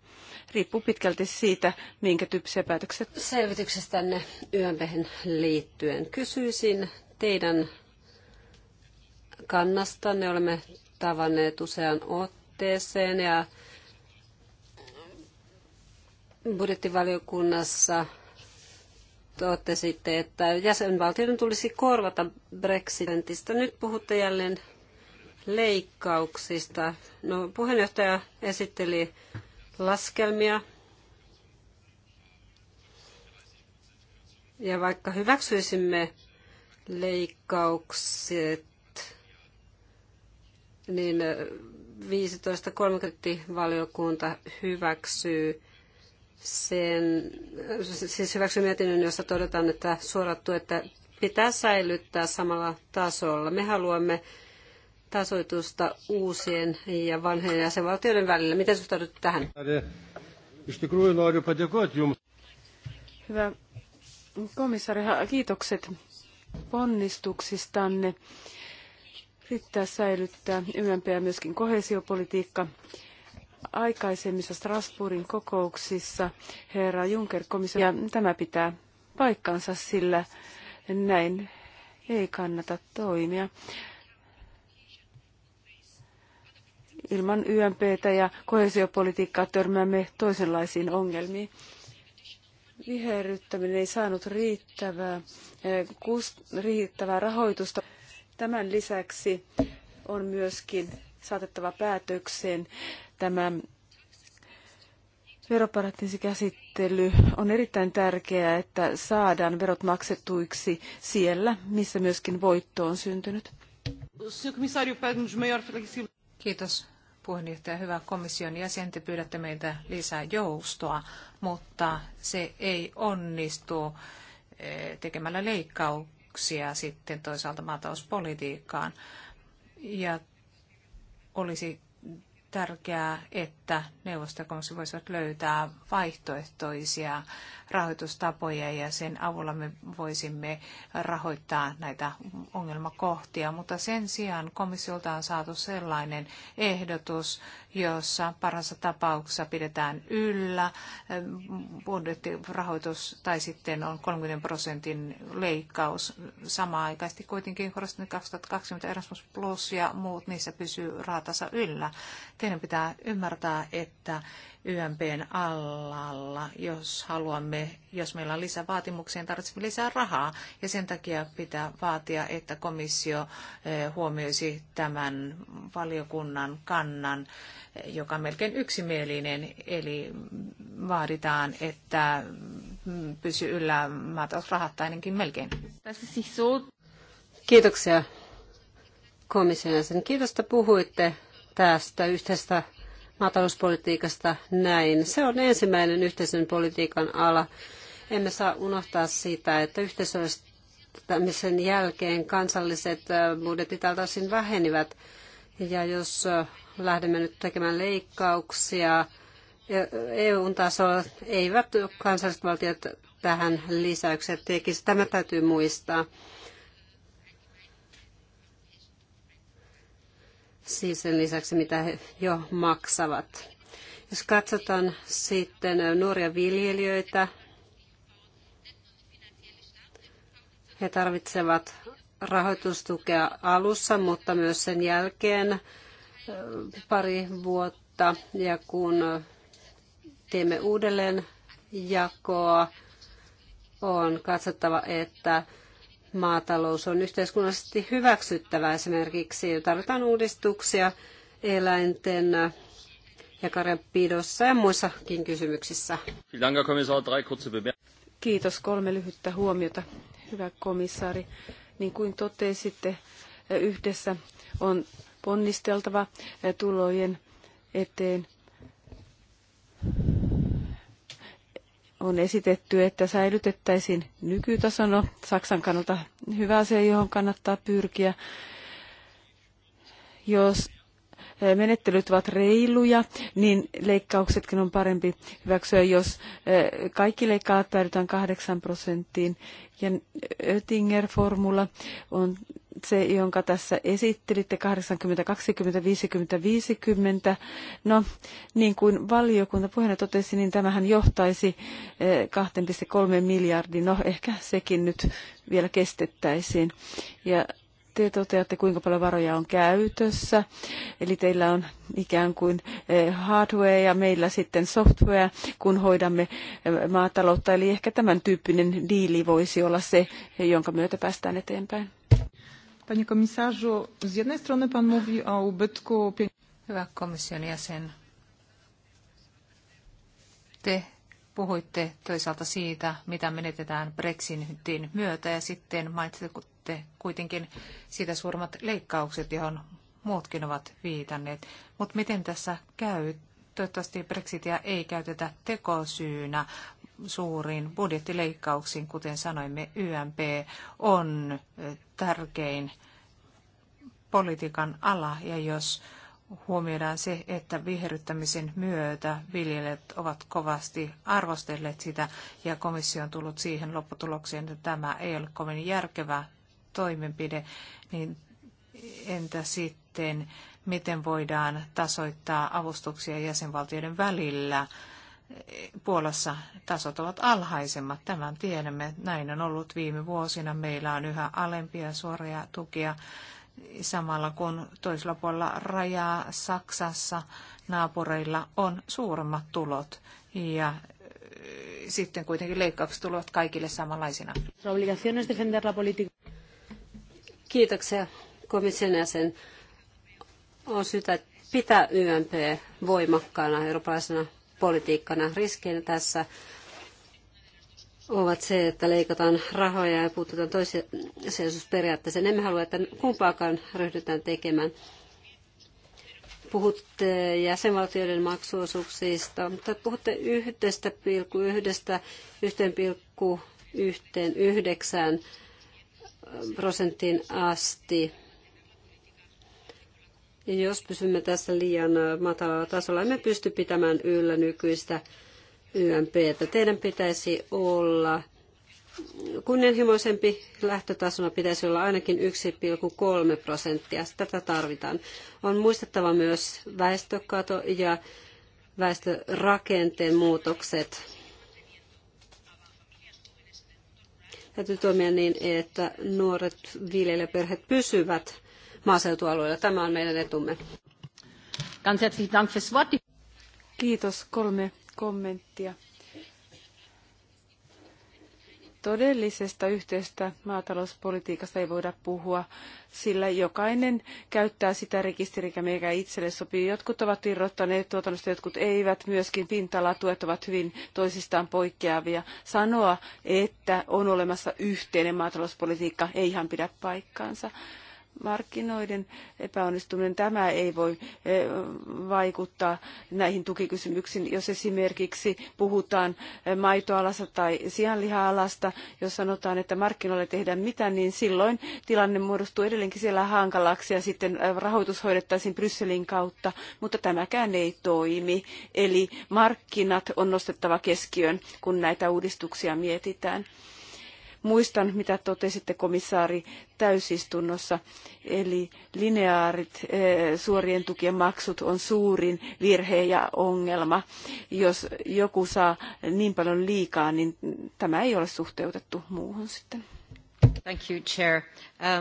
Riippuu pitkälti siitä, minkä tyyppisiä päätöksiä. Selvityksestänne yönlehen liittyen kysyisin teidän kannastanne. Olemme tavanneet usean otteeseen ja budjettivaliokunnassa totesitte, että jäsenvaltioiden tulisi korvata Brexitistä. Nyt puhutte jälleen leikkauksista. No, puheenjohtaja esitteli laskelmia. Ja vaikka hyväksyisimme leikkaukset, niin 15.30 valiokunta hyväksyy sen, siis hyväksyy mietinnön, jossa todetaan, että suorat tuet pitää säilyttää samalla tasolla. Me haluamme tasoitusta uusien ja vanhojen jäsenvaltioiden välillä. Miten suhtaudut tähän? Hyvä komissaari, kiitokset ponnistuksistanne. Riittää säilyttää YMP ja myöskin kohesiopolitiikka. Aikaisemmissa Strasbourgin kokouksissa herra Juncker komissaari. ja tämä pitää paikkansa, sillä näin ei kannata toimia. ilman YMPtä ja kohesiopolitiikkaa törmäämme toisenlaisiin ongelmiin. Viherryttäminen ei saanut riittävää, eh, riittävää rahoitusta. Tämän lisäksi on myöskin saatettava päätökseen tämä Veroparatiisikäsittely on erittäin tärkeää, että saadaan verot maksetuiksi siellä, missä myöskin voitto on syntynyt. Kiitos puheenjohtaja, hyvä komission jäsen, te pyydätte meiltä lisää joustoa, mutta se ei onnistu eh, tekemällä leikkauksia sitten toisaalta maatalouspolitiikkaan. Ja olisi tärkeää, että neuvostokomissio voisivat löytää vaihtoehtoisia rahoitustapoja ja sen avulla me voisimme rahoittaa näitä ongelmakohtia. Mutta sen sijaan komissiolta on saatu sellainen ehdotus, jossa parhaassa tapauksessa pidetään yllä budjettirahoitus tai sitten on 30 prosentin leikkaus. Samaan aikaisesti kuitenkin korostin 2020 Erasmus Plus ja muut, niissä pysyy raatassa yllä. Teidän pitää ymmärtää, että YMPn alalla, jos haluamme jos meillä on lisää vaatimuksia, niin tarvitsemme lisää rahaa. Ja sen takia pitää vaatia, että komissio eh, huomioisi tämän valiokunnan kannan, eh, joka on melkein yksimielinen. Eli vaaditaan, että mm, pysy yllä maatalousrahat ainakin melkein. Kiitoksia komission jäsen. Kiitos, että puhuitte tästä yhteistä maatalouspolitiikasta näin. Se on ensimmäinen yhteisen politiikan ala, emme saa unohtaa sitä, että yhteisöllistämisen jälkeen kansalliset budjetit tältä osin vähenivät. Ja jos lähdemme nyt tekemään leikkauksia EUn tasolla eivät kansalliset valtiot tähän lisäykseen, tekisi. Tämä täytyy muistaa. Siis sen lisäksi, mitä he jo maksavat. Jos katsotaan sitten nuoria viljelijöitä, He tarvitsevat rahoitustukea alussa, mutta myös sen jälkeen pari vuotta. Ja kun teemme uudelleen jakoa, on katsottava, että maatalous on yhteiskunnallisesti hyväksyttävä esimerkiksi. Tarvitaan uudistuksia eläinten ja karjanpidossa ja muissakin kysymyksissä. Kiitos. Kolme lyhyttä huomiota Hyvä komissaari, niin kuin totesitte, eh, yhdessä on ponnisteltava eh, tulojen eteen. On esitetty, että säilytettäisiin no. Saksan kannalta hyvä asia, johon kannattaa pyrkiä. Jos menettelyt ovat reiluja, niin leikkauksetkin on parempi hyväksyä, jos kaikki leikkaavat päädytään 8 prosenttiin. Ja Oettinger-formula on se, jonka tässä esittelitte, 80, 20, 50, 50. No, niin kuin valiokunta puheena totesi, niin tämähän johtaisi 2,3 miljardiin, No, ehkä sekin nyt vielä kestettäisiin. Ja te toteatte, kuinka paljon varoja on käytössä. Eli teillä on ikään kuin eh, hardware ja meillä sitten software, kun hoidamme eh, maataloutta. Eli ehkä tämän tyyppinen diili voisi olla se, jonka myötä päästään eteenpäin. Panie komisarzu, z jednej strony pan mówi o ubytku... Hyvä komission jäsen. Te puhuitte toisaalta siitä, mitä menetetään Brexitin myötä ja sitten mainitsitte sitten kuitenkin siitä suurimmat leikkaukset, johon muutkin ovat viitanneet. Mutta miten tässä käy? Toivottavasti Brexitia ei käytetä tekosyynä suuriin budjettileikkauksiin, kuten sanoimme, YMP on tärkein politiikan ala, ja jos huomioidaan se, että viherryttämisen myötä viljelijät ovat kovasti arvostelleet sitä ja komissio on tullut siihen lopputulokseen, että tämä ei ole kovin järkevä toimenpide, niin entä sitten, miten voidaan tasoittaa avustuksia jäsenvaltioiden välillä? Puolassa tasot ovat alhaisemmat, tämän tiedämme. Näin on ollut viime vuosina. Meillä on yhä alempia suoria tukia samalla kun toisella puolella rajaa Saksassa naapureilla on suuremmat tulot ja sitten kuitenkin leikkaukset tulevat kaikille samanlaisina. Kiitoksia komission jäsen. On syytä pitää YMP voimakkaana eurooppalaisena politiikkana. Riskeinä tässä ovat se, että leikataan rahoja ja puututaan toisiasiallisuusperiaatteeseen. Emme halua, että kumpaakaan ryhdytään tekemään. Puhutte jäsenvaltioiden maksuosuuksista, mutta puhutte 1,1, 1,19 prosenttiin asti. Ja jos pysymme tässä liian matalalla tasolla, emme pysty pitämään yllä nykyistä YMPtä. Teidän pitäisi olla kunnianhimoisempi lähtötasona pitäisi olla ainakin 1,3 prosenttia. Tätä tarvitaan. On muistettava myös väestökato ja väestörakenteen muutokset. täytyy toimia niin, että nuoret viljelijäperheet pysyvät maaseutualueilla. Tämä on meidän etumme. Kiitos. Kolme kommenttia todellisesta yhteistä maatalouspolitiikasta ei voida puhua, sillä jokainen käyttää sitä rekisteriä, mikä itselle sopii. Jotkut ovat irrottaneet tuotannosta, jotkut eivät. Myöskin pinta-alatuet ovat hyvin toisistaan poikkeavia. Sanoa, että on olemassa yhteinen maatalouspolitiikka, ei ihan pidä paikkaansa markkinoiden epäonnistuminen, tämä ei voi eh, vaikuttaa näihin tukikysymyksiin. Jos esimerkiksi puhutaan eh, maitoalasta tai sianliha-alasta, jos sanotaan, että markkinoille tehdään mitä, niin silloin tilanne muodostuu edelleenkin siellä hankalaksi ja sitten eh, rahoitus hoidettaisiin Brysselin kautta, mutta tämäkään ei toimi. Eli markkinat on nostettava keskiöön, kun näitä uudistuksia mietitään. Muistan, mitä totesitte komissaari täysistunnossa, eli lineaarit eh, suorien tukien maksut on suurin virhe ja ongelma. Jos joku saa niin paljon liikaa, niin tämä ei ole suhteutettu muuhun sitten. Thank you, Chair.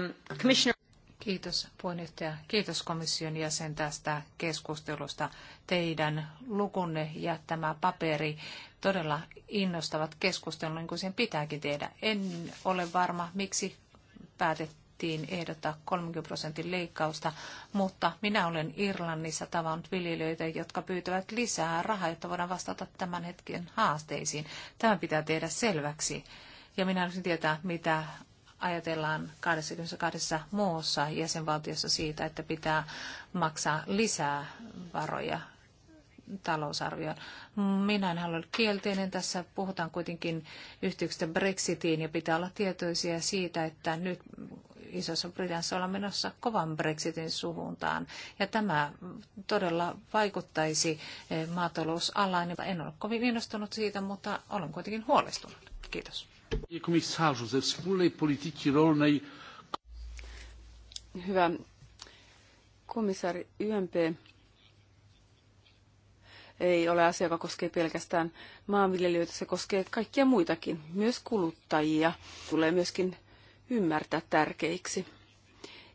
Um, Commissioner... Kiitos puheenjohtaja. Kiitos komission jäsen tästä keskustelusta. Teidän lukunne ja tämä paperi todella innostavat keskustelun, niin kuin sen pitääkin tehdä. En ole varma, miksi päätettiin ehdottaa 30 prosentin leikkausta, mutta minä olen Irlannissa tavannut viljelijöitä, jotka pyytävät lisää rahaa, jotta voidaan vastata tämän hetken haasteisiin. Tämä pitää tehdä selväksi. Ja minä haluaisin tietää, mitä ajatellaan 22 muussa jäsenvaltiossa siitä, että pitää maksaa lisää varoja talousarvioon. Minä en halua olla kielteinen. Tässä puhutaan kuitenkin yhteyksistä Brexitiin ja pitää olla tietoisia siitä, että nyt Isossa Britanniassa ollaan menossa kovan Brexitin suuntaan. Ja tämä todella vaikuttaisi eh, maatalousalaan. En ole kovin innostunut siitä, mutta olen kuitenkin huolestunut. Kiitos. Komisarzu, ze wspólnej politiki rolnej... Hyvä komissaari YMP ei ole asia, joka koskee pelkästään maanviljelijöitä, se koskee kaikkia muitakin, myös kuluttajia. Tulee myöskin ymmärtää tärkeiksi.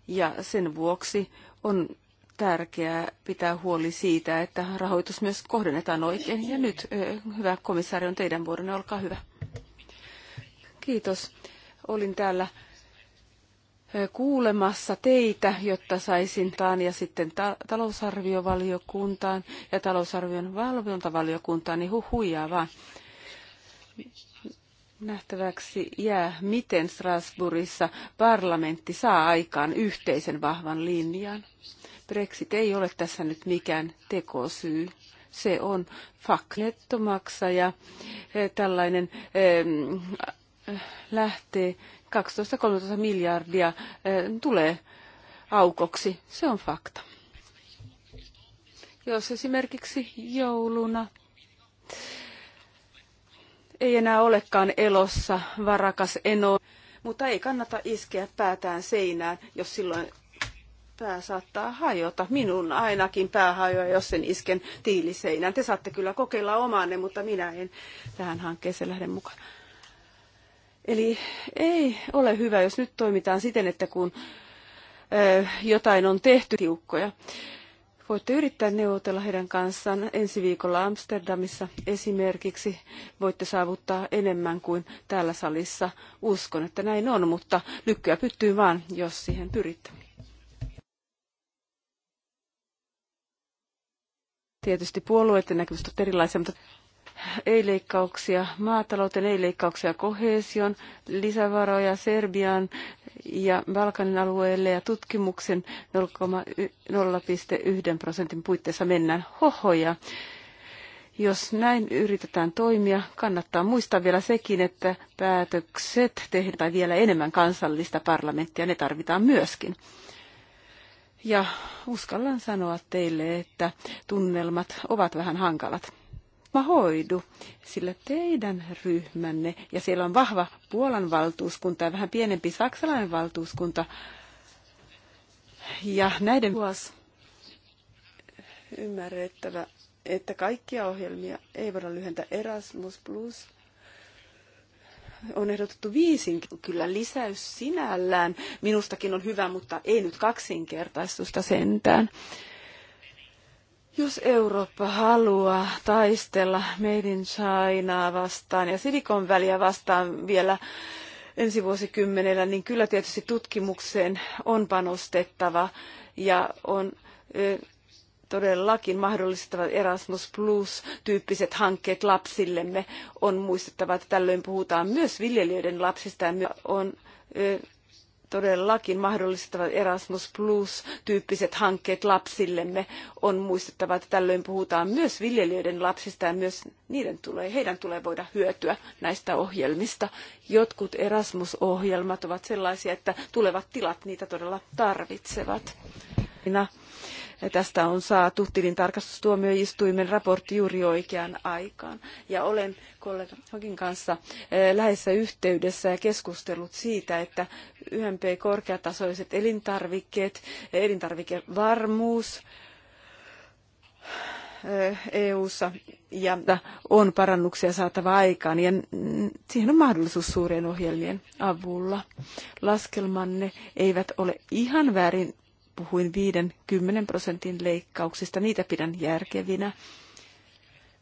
Ja sen vuoksi on tärkeää pitää huoli siitä, että rahoitus myös kohdennetaan oikein. Ja nyt, eh, hyvä komissaari, on teidän vuoronne, olkaa hyvä. Kiitos. Olin täällä kuulemassa teitä, jotta saisin taan ja sitten ta- talousarviovaliokuntaan ja talousarvion valvontavaliokuntaan, niin huijaa vaan. Nähtäväksi jää, miten Strasbourgissa parlamentti saa aikaan yhteisen vahvan linjan. Brexit ei ole tässä nyt mikään tekosyy. Se on fakt. ja e, tällainen e, Äh, lähtee, 12-13 miljardia äh, tulee aukoksi. Se on fakta. Jos esimerkiksi jouluna ei enää olekaan elossa varakas eno, mutta ei kannata iskeä päätään seinään, jos silloin pää saattaa hajota. Minun ainakin pää hajoaa, jos sen isken tiiliseinään. Te saatte kyllä kokeilla omaanne, mutta minä en tähän hankkeeseen lähde mukaan. Eli ei ole hyvä, jos nyt toimitaan siten, että kun jotain on tehty tiukkoja. Voitte yrittää neuvotella heidän kanssaan ensi viikolla Amsterdamissa esimerkiksi. Voitte saavuttaa enemmän kuin täällä salissa. Uskon, että näin on, mutta lykkyä pyttyy vaan, jos siihen pyritte. Tietysti puolueiden näkemykset ovat erilaisia, mutta ei leikkauksia maatalouteen, ei leikkauksia kohesion, lisävaroja Serbiaan ja Balkanin alueelle ja tutkimuksen 0,1 prosentin puitteissa mennään hohoja. Jos näin yritetään toimia, kannattaa muistaa vielä sekin, että päätökset tehdään vielä enemmän kansallista parlamenttia, ne tarvitaan myöskin. Ja uskallan sanoa teille, että tunnelmat ovat vähän hankalat homma hoidu, sillä teidän ryhmänne, ja siellä on vahva Puolan valtuuskunta ja vähän pienempi saksalainen valtuuskunta, ja näiden vuos ymmärrettävä, että kaikkia ohjelmia ei voida lyhentää Erasmus Plus, on ehdotettu viisin. Kyllä lisäys sinällään minustakin on hyvä, mutta ei nyt kaksinkertaistusta sentään. Jos Eurooppa haluaa taistella Made in Chinaa vastaan ja Silikon väliä vastaan vielä ensi vuosikymmenellä, niin kyllä tietysti tutkimukseen on panostettava ja on todellakin mahdollistava Erasmus Plus-tyyppiset hankkeet lapsillemme. On muistettava, että tällöin puhutaan myös viljelijöiden lapsista ja on todellakin mahdollistavat Erasmus Plus-tyyppiset hankkeet lapsillemme. On muistettava, että tällöin puhutaan myös viljelijöiden lapsista ja myös niiden tulee, heidän tulee voida hyötyä näistä ohjelmista. Jotkut Erasmus-ohjelmat ovat sellaisia, että tulevat tilat niitä todella tarvitsevat. Minä Tästä on saatu tilintarkastustuomioistuimen raportti juuri oikeaan aikaan. Ja olen kollega Hokin kanssa eh, läheisessä yhteydessä ja keskustellut siitä, että YMP korkeatasoiset elintarvikkeet, eh, elintarvikevarmuus, EU-ssa eh, e ja on parannuksia saatava aikaan ja siihen on mahdollisuus suurien ohjelmien avulla. Laskelmanne eivät ole ihan väärin puhuin 5-10 prosentin leikkauksista, niitä pidän järkevinä.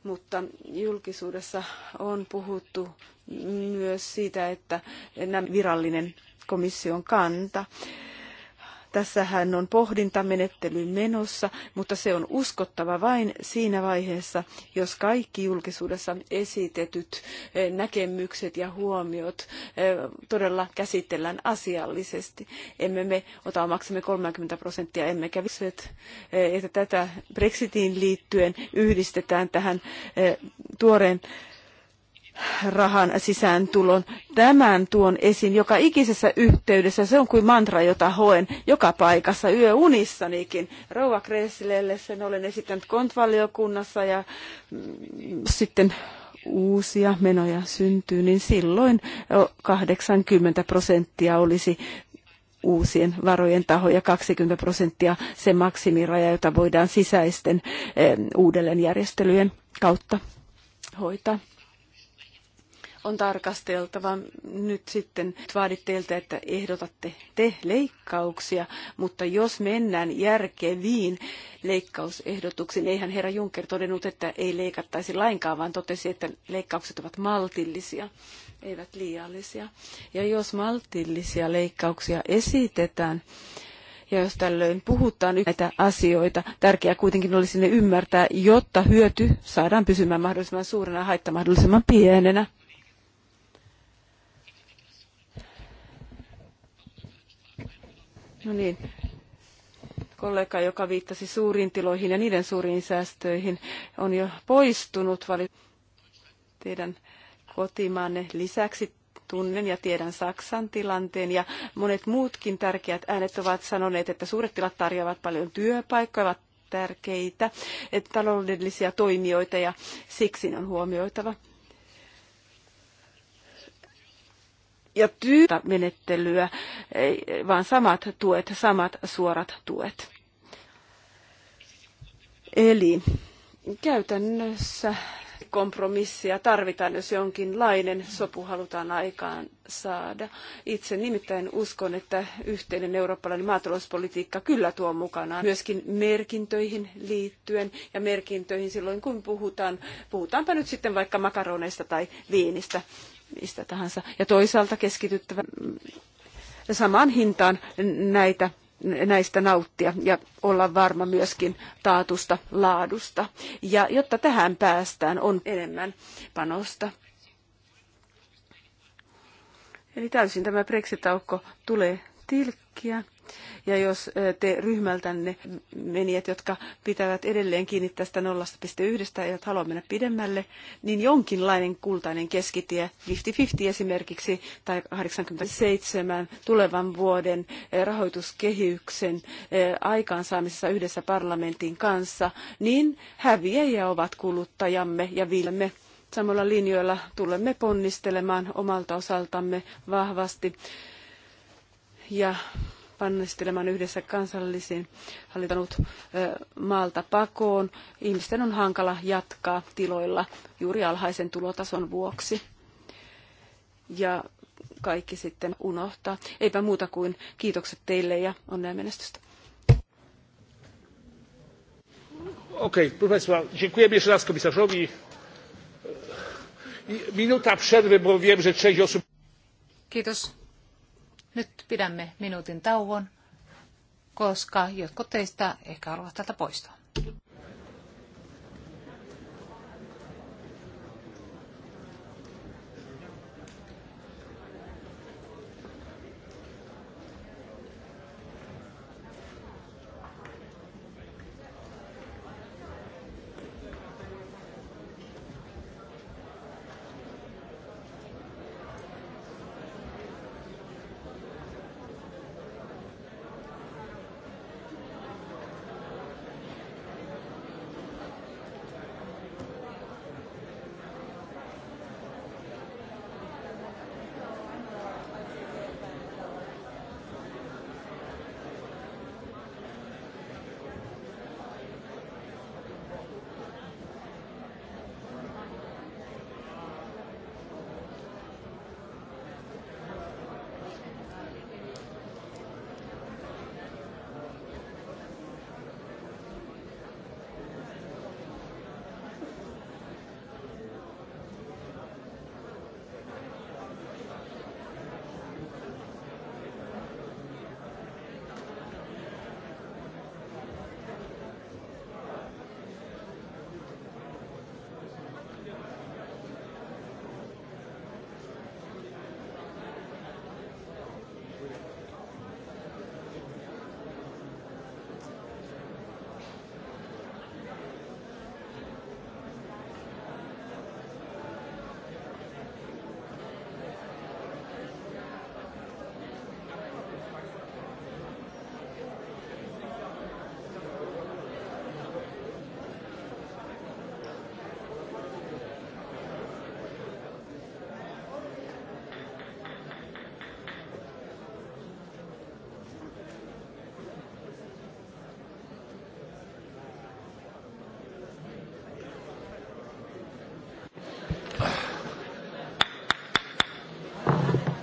Mutta julkisuudessa on puhuttu myös siitä, että virallinen komission kanta. Tässähän on pohdintamenettely menossa, mutta se on uskottava vain siinä vaiheessa, jos kaikki julkisuudessa esitetyt eh, näkemykset ja huomiot eh, todella käsitellään asiallisesti. Emme me ota omaksemme 30 prosenttia, emmekä viset, eh, että tätä Brexitiin liittyen yhdistetään tähän tuoreen rahan sisääntulon. Tämän tuon esiin joka ikisessä yhteydessä. Se on kuin mantra, jota hoen joka paikassa yöunissanikin. Rouva Kressilelle sen olen esittänyt kontvaliokunnassa ja mm, sitten uusia menoja syntyy, niin silloin 80 prosenttia olisi uusien varojen taho ja 20 prosenttia se maksimiraja, jota voidaan sisäisten uudelleenjärjestelyjen kautta hoitaa on tarkasteltava nyt sitten. Vaadit teiltä, että ehdotatte te leikkauksia, mutta jos mennään järkeviin leikkausehdotuksiin, eihän herra Juncker todennut, että ei leikattaisi lainkaan, vaan totesi, että leikkaukset ovat maltillisia eivät liiallisia. Ja jos maltillisia leikkauksia esitetään, ja jos tällöin puhutaan näitä asioita, tärkeää kuitenkin olisi ne ymmärtää, jotta hyöty saadaan pysymään mahdollisimman suurena ja haitta mahdollisimman pienenä. No niin, kollega, joka viittasi suuriin tiloihin ja niiden suuriin säästöihin, on jo poistunut vali teidän kotimaanne lisäksi tunnen ja tiedän Saksan tilanteen ja monet muutkin tärkeät äänet ovat sanoneet, että suuret tilat tarjoavat paljon työpaikkoja, ovat tärkeitä, että taloudellisia toimijoita ja siksi ne on huomioitava. ja tyypä menettelyä, vaan samat tuet, samat suorat tuet. Eli käytännössä kompromissia tarvitaan, jos jonkinlainen sopu halutaan aikaan saada. Itse nimittäin uskon, että yhteinen eurooppalainen maatalouspolitiikka kyllä tuo mukanaan myöskin merkintöihin liittyen ja merkintöihin silloin, kun puhutaan, puhutaanpa nyt sitten vaikka makaroneista tai viinistä mistä tahansa. Ja toisaalta keskityttävä samaan hintaan näitä, näistä nauttia ja olla varma myöskin taatusta laadusta. Ja jotta tähän päästään, on enemmän panosta. Eli täysin tämä brexitaukko tulee tilkkiä. Ja jos te ryhmältänne menijät, jotka pitävät edelleen kiinni tästä 0,1 ja halua mennä pidemmälle, niin jonkinlainen kultainen keskitie, 50-50 esimerkiksi, tai 87 tulevan vuoden rahoituskehyksen aikaansaamisessa yhdessä parlamentin kanssa, niin häviäjiä ovat kuluttajamme ja viilemme samalla linjoilla tulemme ponnistelemaan omalta osaltamme vahvasti. Ja pannistelemaan yhdessä kansallisiin hallitanut maalta pakoon. Ihmisten on hankala jatkaa tiloilla juuri alhaisen tulotason vuoksi. Ja kaikki sitten unohtaa. Eipä muuta kuin kiitokset teille ja onnea menestystä. Okei, okay, professor, dziękujemy jeszcze raz komisarzowi. Minuta przerwy, bo wiem, że część osób... Kiitos nyt pidämme minuutin tauon, koska jotkut teistä ehkä haluavat täältä poistua.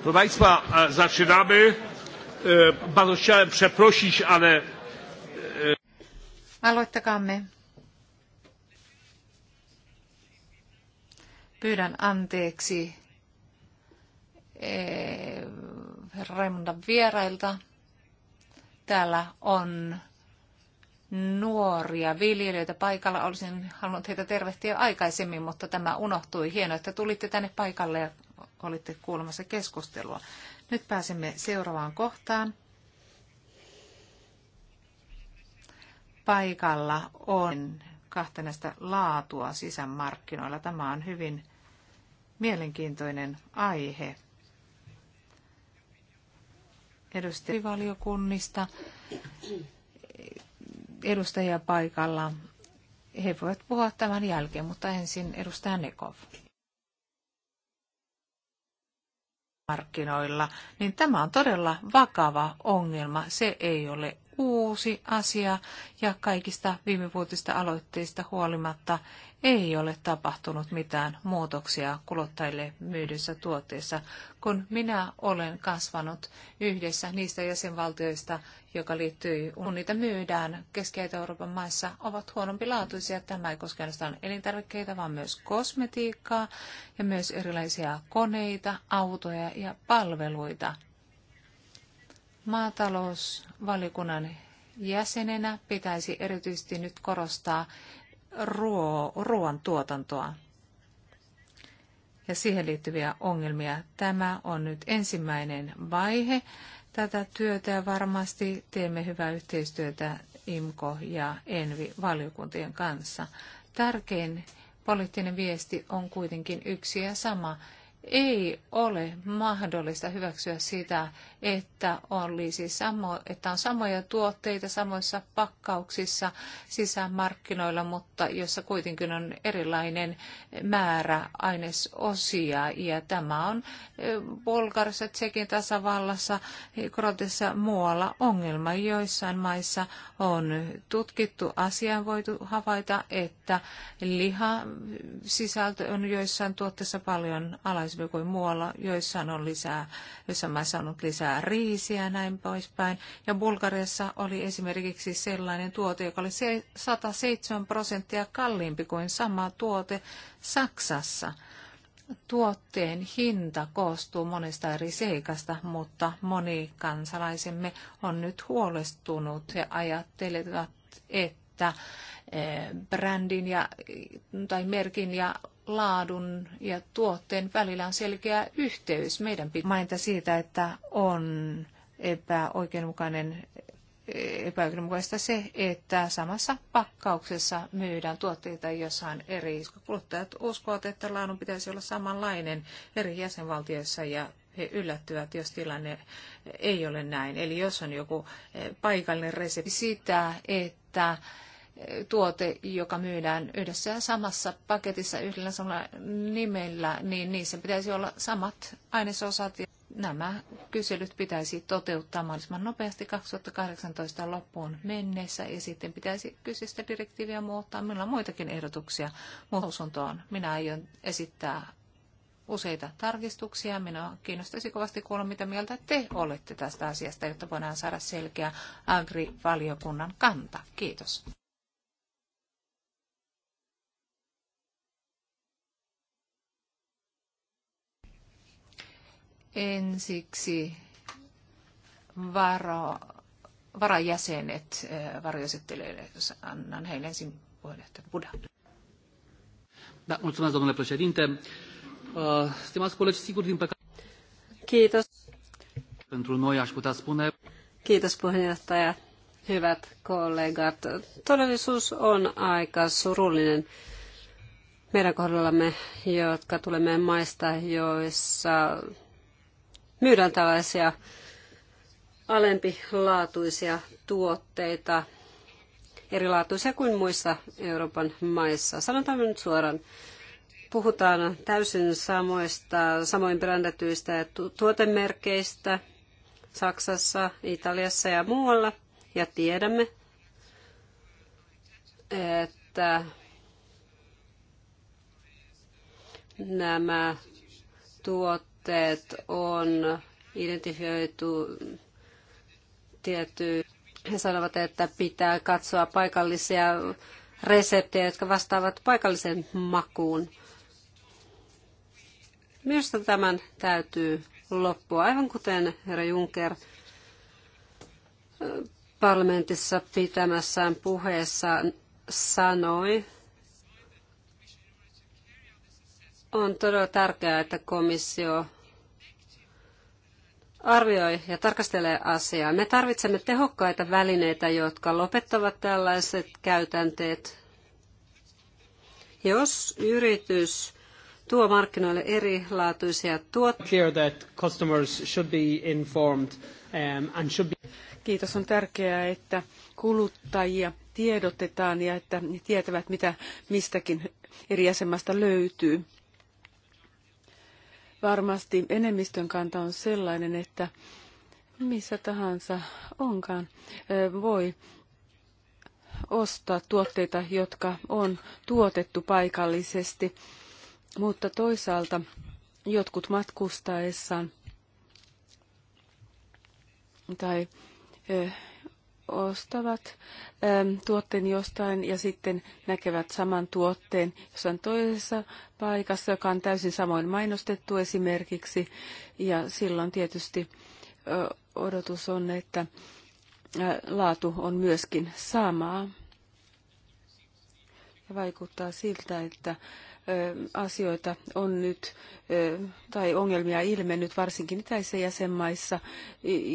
Proszę Państwa, e, zaczynamy. E, bardzo chciałem przeprosić, ale... E, Aloittakaamme. Pyydän anteeksi herra Raimundan vierailta. Täällä on nuoria viljelijöitä paikalla. Olisin halunnut heitä tervehtiä aikaisemmin, mutta tämä unohtui. Hienoa, että tulitte tänne paikalle ja olitte kuulemassa keskustelua. Nyt pääsemme seuraavaan kohtaan. Paikalla on kahta näistä laatua sisämarkkinoilla. Tämä on hyvin mielenkiintoinen aihe. Edustajavaliokunnista edustajia paikalla. He voivat puhua tämän jälkeen, mutta ensin edustaja Nekov. markkinoilla, niin tämä on todella vakava ongelma. Se ei ole uusi asia ja kaikista viimevuotista aloitteista huolimatta ei ole tapahtunut mitään muutoksia kuluttajille myydyssä tuotteissa, kun minä olen kasvanut yhdessä niistä jäsenvaltioista, joka liittyy, kun niitä myydään Keski-Euroopan maissa, ovat huonompi laatuisia. Tämä ei koske ainoastaan elintarvikkeita, vaan myös kosmetiikkaa ja myös erilaisia koneita, autoja ja palveluita. Maatalousvaliokunnan jäsenenä pitäisi erityisesti nyt korostaa ruo, ruoan tuotantoa ja siihen liittyviä ongelmia. Tämä on nyt ensimmäinen vaihe tätä työtä ja varmasti teemme hyvää yhteistyötä IMKO ja ENVI-valiokuntien kanssa. Tärkein poliittinen viesti on kuitenkin yksi ja sama, ei ole mahdollista hyväksyä sitä, että, olisi samo, että on samoja tuotteita samoissa pakkauksissa sisämarkkinoilla, mutta jossa kuitenkin on erilainen määrä ainesosia. Ja tämä on e, Bulgarissa, Tsekin tasavallassa, Kroatissa muualla ongelma. Joissain maissa on tutkittu asiaa, voitu havaita, että liha sisältö on joissain tuotteissa paljon alaisuutta aikaisemmin kuin muualla. Joissain, on lisää, joissa mä saanut lisää riisiä ja näin poispäin. Ja Bulgariassa oli esimerkiksi sellainen tuote, joka oli 107 prosenttia kalliimpi kuin sama tuote Saksassa. Tuotteen hinta koostuu monesta eri seikasta, mutta moni kansalaisemme on nyt huolestunut ja ajattelevat, että eh, brändin ja, tai merkin ja laadun ja tuotteen välillä on selkeä yhteys. Meidän pitää mainita siitä, että on epäoikeudenmukainen epäoikeudenmukaista se, että samassa pakkauksessa myydään tuotteita jossain eri. Kuluttajat uskovat, että laadun pitäisi olla samanlainen eri jäsenvaltioissa ja he yllättyvät, jos tilanne ei ole näin. Eli jos on joku eh, paikallinen resepti sitä, että tuote, joka myydään yhdessä ja samassa paketissa yhdellä samalla nimellä, niin niissä pitäisi olla samat ainesosat. Ja nämä kyselyt pitäisi toteuttaa mahdollisimman nopeasti 2018 loppuun mennessä ja sitten pitäisi kyseistä direktiiviä muuttaa. Meillä on muitakin ehdotuksia muutosuntoon. Minä aion esittää useita tarkistuksia. Minua kiinnostaisi kovasti kuulla, mitä mieltä te olette tästä asiasta, jotta voidaan saada selkeä agrivaliokunnan kanta. Kiitos. Ensiksi varo, varajäsenet eh, varjoesittelijöille, jos annan heille ensin puheenjohtaja Buda. Da, mulțumesc, domnule președinte. Uh, stimați colegi, sigur, din păcate... Kiitos. Pentru noi, aș putea spune... Kiitos, puheenjohtaja. Hyvät kollegat, todellisuus on aika surullinen meidän kohdallamme, jotka tulemme maista, joissa myydään tällaisia alempilaatuisia tuotteita, erilaatuisia kuin muissa Euroopan maissa. Sanotaan nyt suoraan, puhutaan täysin samoista, samoin brändätyistä ja tuotemerkeistä Saksassa, Italiassa ja muualla. Ja tiedämme, että nämä tuot tuotteet on identifioitu tietty. He sanovat, että pitää katsoa paikallisia reseptejä, jotka vastaavat paikallisen makuun. Myös tämän täytyy loppua, aivan kuten herra Juncker äh, parlamentissa pitämässään puheessa sanoi, On todella tärkeää, että komissio arvioi ja tarkastelee asiaa. Me tarvitsemme tehokkaita välineitä, jotka lopettavat tällaiset käytänteet. Jos yritys tuo markkinoille erilaatuisia tuotteita. Um, Kiitos on tärkeää, että kuluttajia tiedotetaan ja että tietävät, mitä mistäkin eri jäsenmaasta löytyy varmasti enemmistön kanta on sellainen, että missä tahansa onkaan voi ostaa tuotteita, jotka on tuotettu paikallisesti, mutta toisaalta jotkut matkustaessaan tai ostavat ähm, tuotteen jostain ja sitten näkevät saman tuotteen jossain toisessa paikassa, joka on täysin samoin mainostettu esimerkiksi. Ja silloin tietysti odotus on, että laatu on myöskin samaa. Ja vaikuttaa siltä, että asioita on nyt tai ongelmia ilmennyt varsinkin itäisissä jäsenmaissa.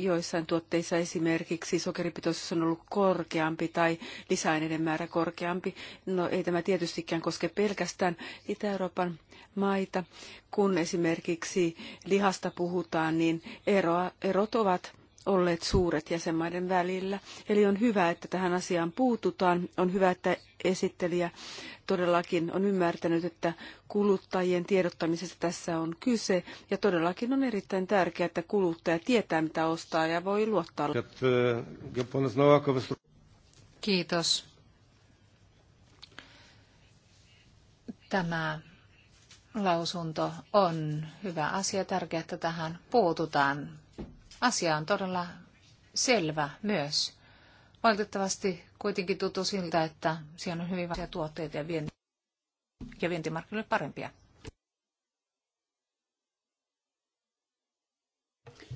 Joissain tuotteissa esimerkiksi sokeripitoisuus on ollut korkeampi tai lisäaineiden määrä korkeampi. No ei tämä tietystikään koske pelkästään Itä-Euroopan maita. Kun esimerkiksi lihasta puhutaan, niin eroa, erot ovat olleet suuret jäsenmaiden välillä. Eli on hyvä, että tähän asiaan puututaan. On hyvä, että esittelijä todellakin on ymmärtänyt, että kuluttajien tiedottamisesta tässä on kyse. Ja todellakin on erittäin tärkeää, että kuluttaja tietää, mitä ostaa ja voi luottaa. Kiitos. Tämä lausunto on hyvä asia. Tärkeää, että tähän puututaan. Asia on todella selvä myös. Valitettavasti kuitenkin tuntuu siltä, että siellä on hyvin vaisia tuotteita ja, vienti- ja vientimarkkinoille parempia.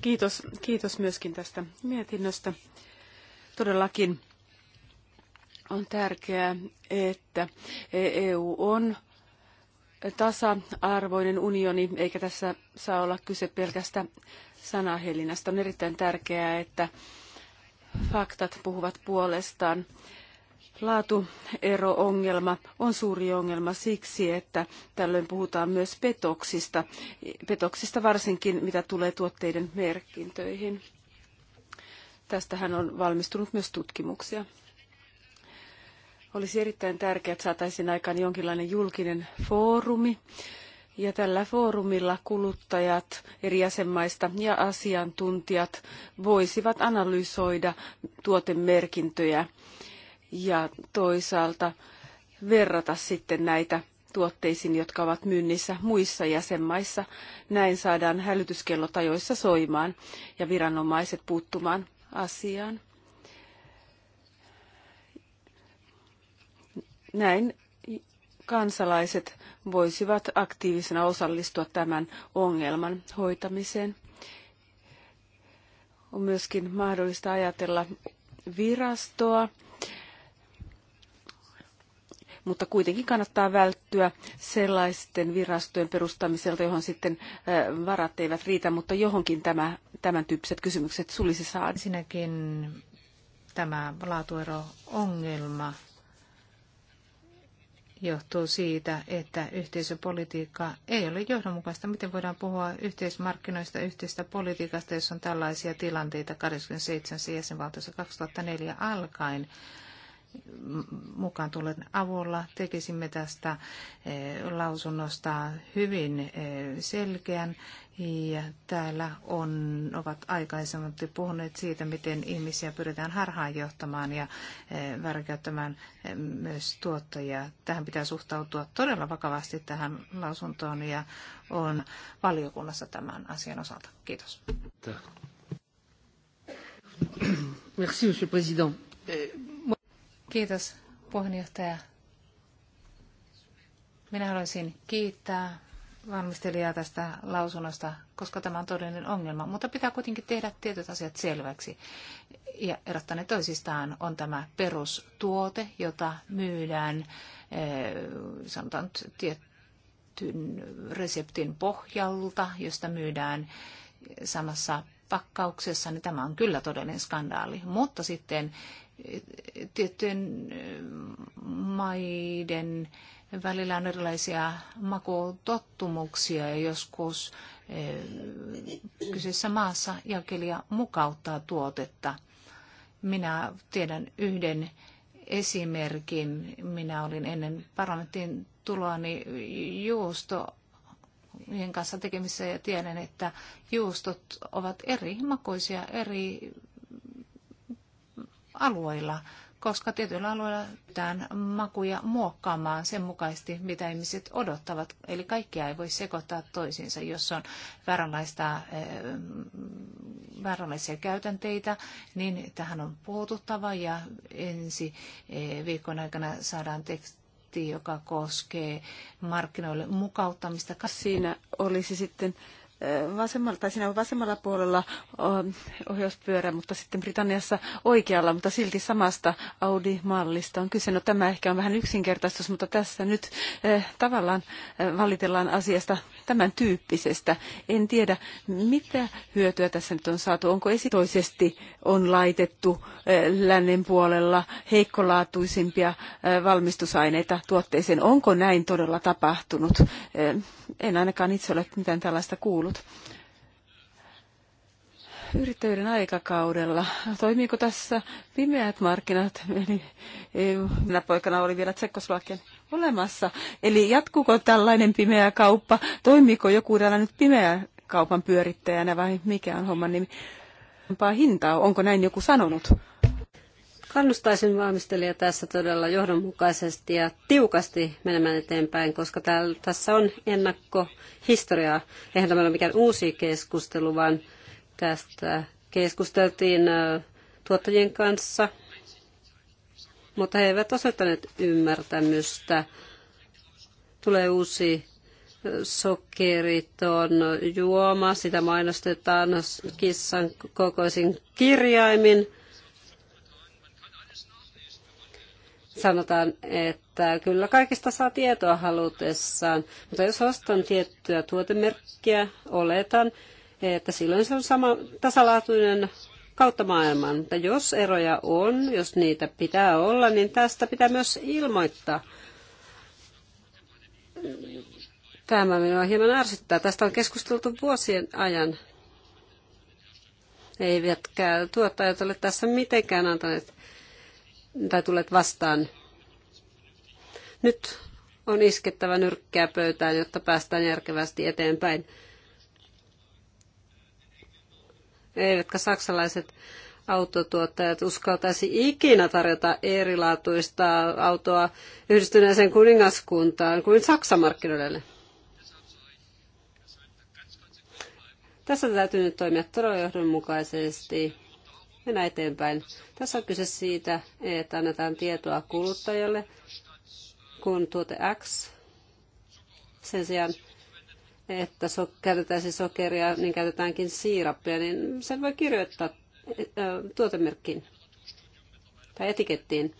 Kiitos, kiitos myöskin tästä mietinnöstä. Todellakin on tärkeää, että EU on tasa-arvoinen unioni, eikä tässä saa olla kyse pelkästä Sanahelinästä On erittäin tärkeää, että faktat puhuvat puolestaan. Laatuero-ongelma on suuri ongelma siksi, että tällöin puhutaan myös petoksista, petoksista varsinkin mitä tulee tuotteiden merkintöihin. Tästähän on valmistunut myös tutkimuksia. Olisi erittäin tärkeää, että saataisiin aikaan jonkinlainen julkinen foorumi, ja tällä foorumilla kuluttajat eri jäsenmaista ja asiantuntijat voisivat analysoida tuotemerkintöjä ja toisaalta verrata sitten näitä tuotteisiin, jotka ovat myynnissä muissa jäsenmaissa. Näin saadaan hälytyskellot ajoissa soimaan ja viranomaiset puuttumaan asiaan. Näin kansalaiset voisivat aktiivisena osallistua tämän ongelman hoitamiseen. On myöskin mahdollista ajatella virastoa, mutta kuitenkin kannattaa välttyä sellaisten virastojen perustamiselta, johon sitten varat eivät riitä, mutta johonkin tämä, tämän tyyppiset kysymykset sulisi saada. Ensinnäkin tämä laatuero-ongelma johtuu siitä, että yhteisöpolitiikka ei ole johdonmukaista. Miten voidaan puhua yhteismarkkinoista, yhteistä politiikasta, jos on tällaisia tilanteita 27 jäsenvaltiossa 2004 alkaen? mukaan tulen avulla tekisimme tästä eh, lausunnosta hyvin eh, selkeän. Ja täällä on, ovat aikaisemmin puhuneet siitä, miten ihmisiä pyritään harhaanjohtamaan ja eh, väärinkäyttämään myös tuottajia. Tähän pitää suhtautua todella vakavasti tähän lausuntoon ja on valiokunnassa tämän asian osalta. Kiitos. Merci, monsieur le président Kiitos puheenjohtaja. Minä haluaisin kiittää valmistelijaa tästä lausunnosta, koska tämä on todellinen ongelma, mutta pitää kuitenkin tehdä tietyt asiat selväksi. Ja erottaa ne toisistaan on tämä perustuote, jota myydään eh, sanotaan tietyn reseptin pohjalta, josta myydään samassa pakkauksessa, niin tämä on kyllä todellinen skandaali. Mutta sitten tiettyjen maiden välillä on erilaisia makutottumuksia ja joskus kyseessä maassa jakelija mukauttaa tuotetta. Minä tiedän yhden esimerkin. Minä olin ennen parlamentin tuloani juusto kanssa tekemissä ja tiedän, että juustot ovat eri makuisia eri alueilla, koska tietyillä alueilla pitää makuja muokkaamaan sen mukaisesti, mitä ihmiset odottavat. Eli kaikkia ei voi sekoittaa toisiinsa, jos on vääränlaista, eh, vääränlaisia käytänteitä, niin tähän on puututtava ja ensi eh, viikon aikana saadaan teksti joka koskee markkinoille mukauttamista. Siinä olisi sitten vasemmalla, tai siinä vasemmalla puolella ohjauspyörä, mutta sitten Britanniassa oikealla, mutta silti samasta Audi-mallista on kyse. No tämä ehkä on vähän yksinkertaistus, mutta tässä nyt tavallaan valitellaan asiasta tämän tyyppisestä. En tiedä, mitä hyötyä tässä nyt on saatu. Onko esitoisesti on laitettu lännen puolella heikkolaatuisimpia valmistusaineita tuotteeseen? Onko näin todella tapahtunut? En ainakaan itse ole mitään tällaista kuullut ollut yrittäjyyden aikakaudella. Toimiiko tässä pimeät markkinat? Eli minä poikana oli vielä Tsekkoslovakian olemassa. Eli jatkuuko tällainen pimeä kauppa? Toimiiko joku täällä nyt pimeä kaupan pyörittäjänä vai mikä on homman nimi? hintaa, onko näin joku sanonut? Kannustaisin valmistelija tässä todella johdonmukaisesti ja tiukasti menemään eteenpäin, koska täällä, tässä on ennakkohistoriaa. Eihän tämä ole mikään uusi keskustelu, vaan tästä keskusteltiin tuottajien kanssa, mutta he eivät osoittaneet ymmärtämystä. Tulee uusi sokeriton juoma, sitä mainostetaan kissan kokoisin kirjaimin – sanotaan, että kyllä kaikista saa tietoa halutessaan, mutta jos ostan tiettyä tuotemerkkiä, oletan, että silloin se on sama tasalaatuinen kautta maailman. Mutta jos eroja on, jos niitä pitää olla, niin tästä pitää myös ilmoittaa. Tämä minua hieman ärsyttää. Tästä on keskusteltu vuosien ajan. Eivätkä tuottajat ole tässä mitenkään antaneet tai tulet vastaan. Nyt on iskettävä nyrkkää pöytään, jotta päästään järkevästi eteenpäin. Eivätkä saksalaiset autotuottajat uskaltaisi ikinä tarjota erilaatuista autoa yhdistyneeseen kuningaskuntaan kuin Saksan markkinoille. Tässä täytyy nyt toimia todella johdonmukaisesti mennä eteenpäin. Tässä on kyse siitä, että annetaan tietoa kuluttajalle, kun tuote X sen sijaan, että so, käytetään sokeria, niin käytetäänkin siirappia, niin sen voi kirjoittaa tuotemerkkiin tai etikettiin.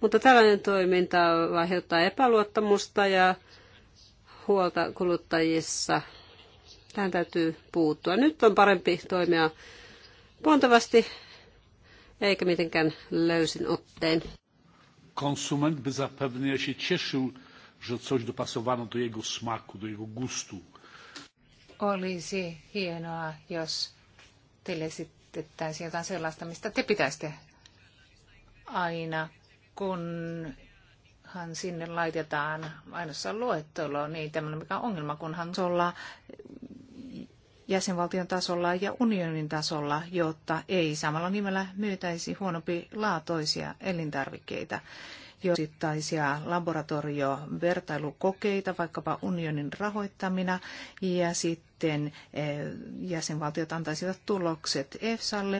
Mutta tällainen toiminta aiheuttaa epäluottamusta ja huolta kuluttajissa – Tähän täytyy puuttua. Nyt on parempi toimia pontavasti eikä mitenkään löysin otteen. Konsument by zapewne się cieszył, że coś dopasowano do jego smaku, do jego gustu. Olisi hienoa, jos teille esitettäisiin jotain sellaista, mistä te pitäisitte aina, kunhan sinne laitetaan ainoassa luettelo, niin tämmöinen mikä on ongelma, kunhan se ollaan jäsenvaltion tasolla ja unionin tasolla, jotta ei samalla nimellä myytäisi huonompi laatoisia elintarvikkeita josittaisia laboratoriovertailukokeita, vaikkapa unionin rahoittamina, ja sitten eh, jäsenvaltiot antaisivat tulokset EFSAlle.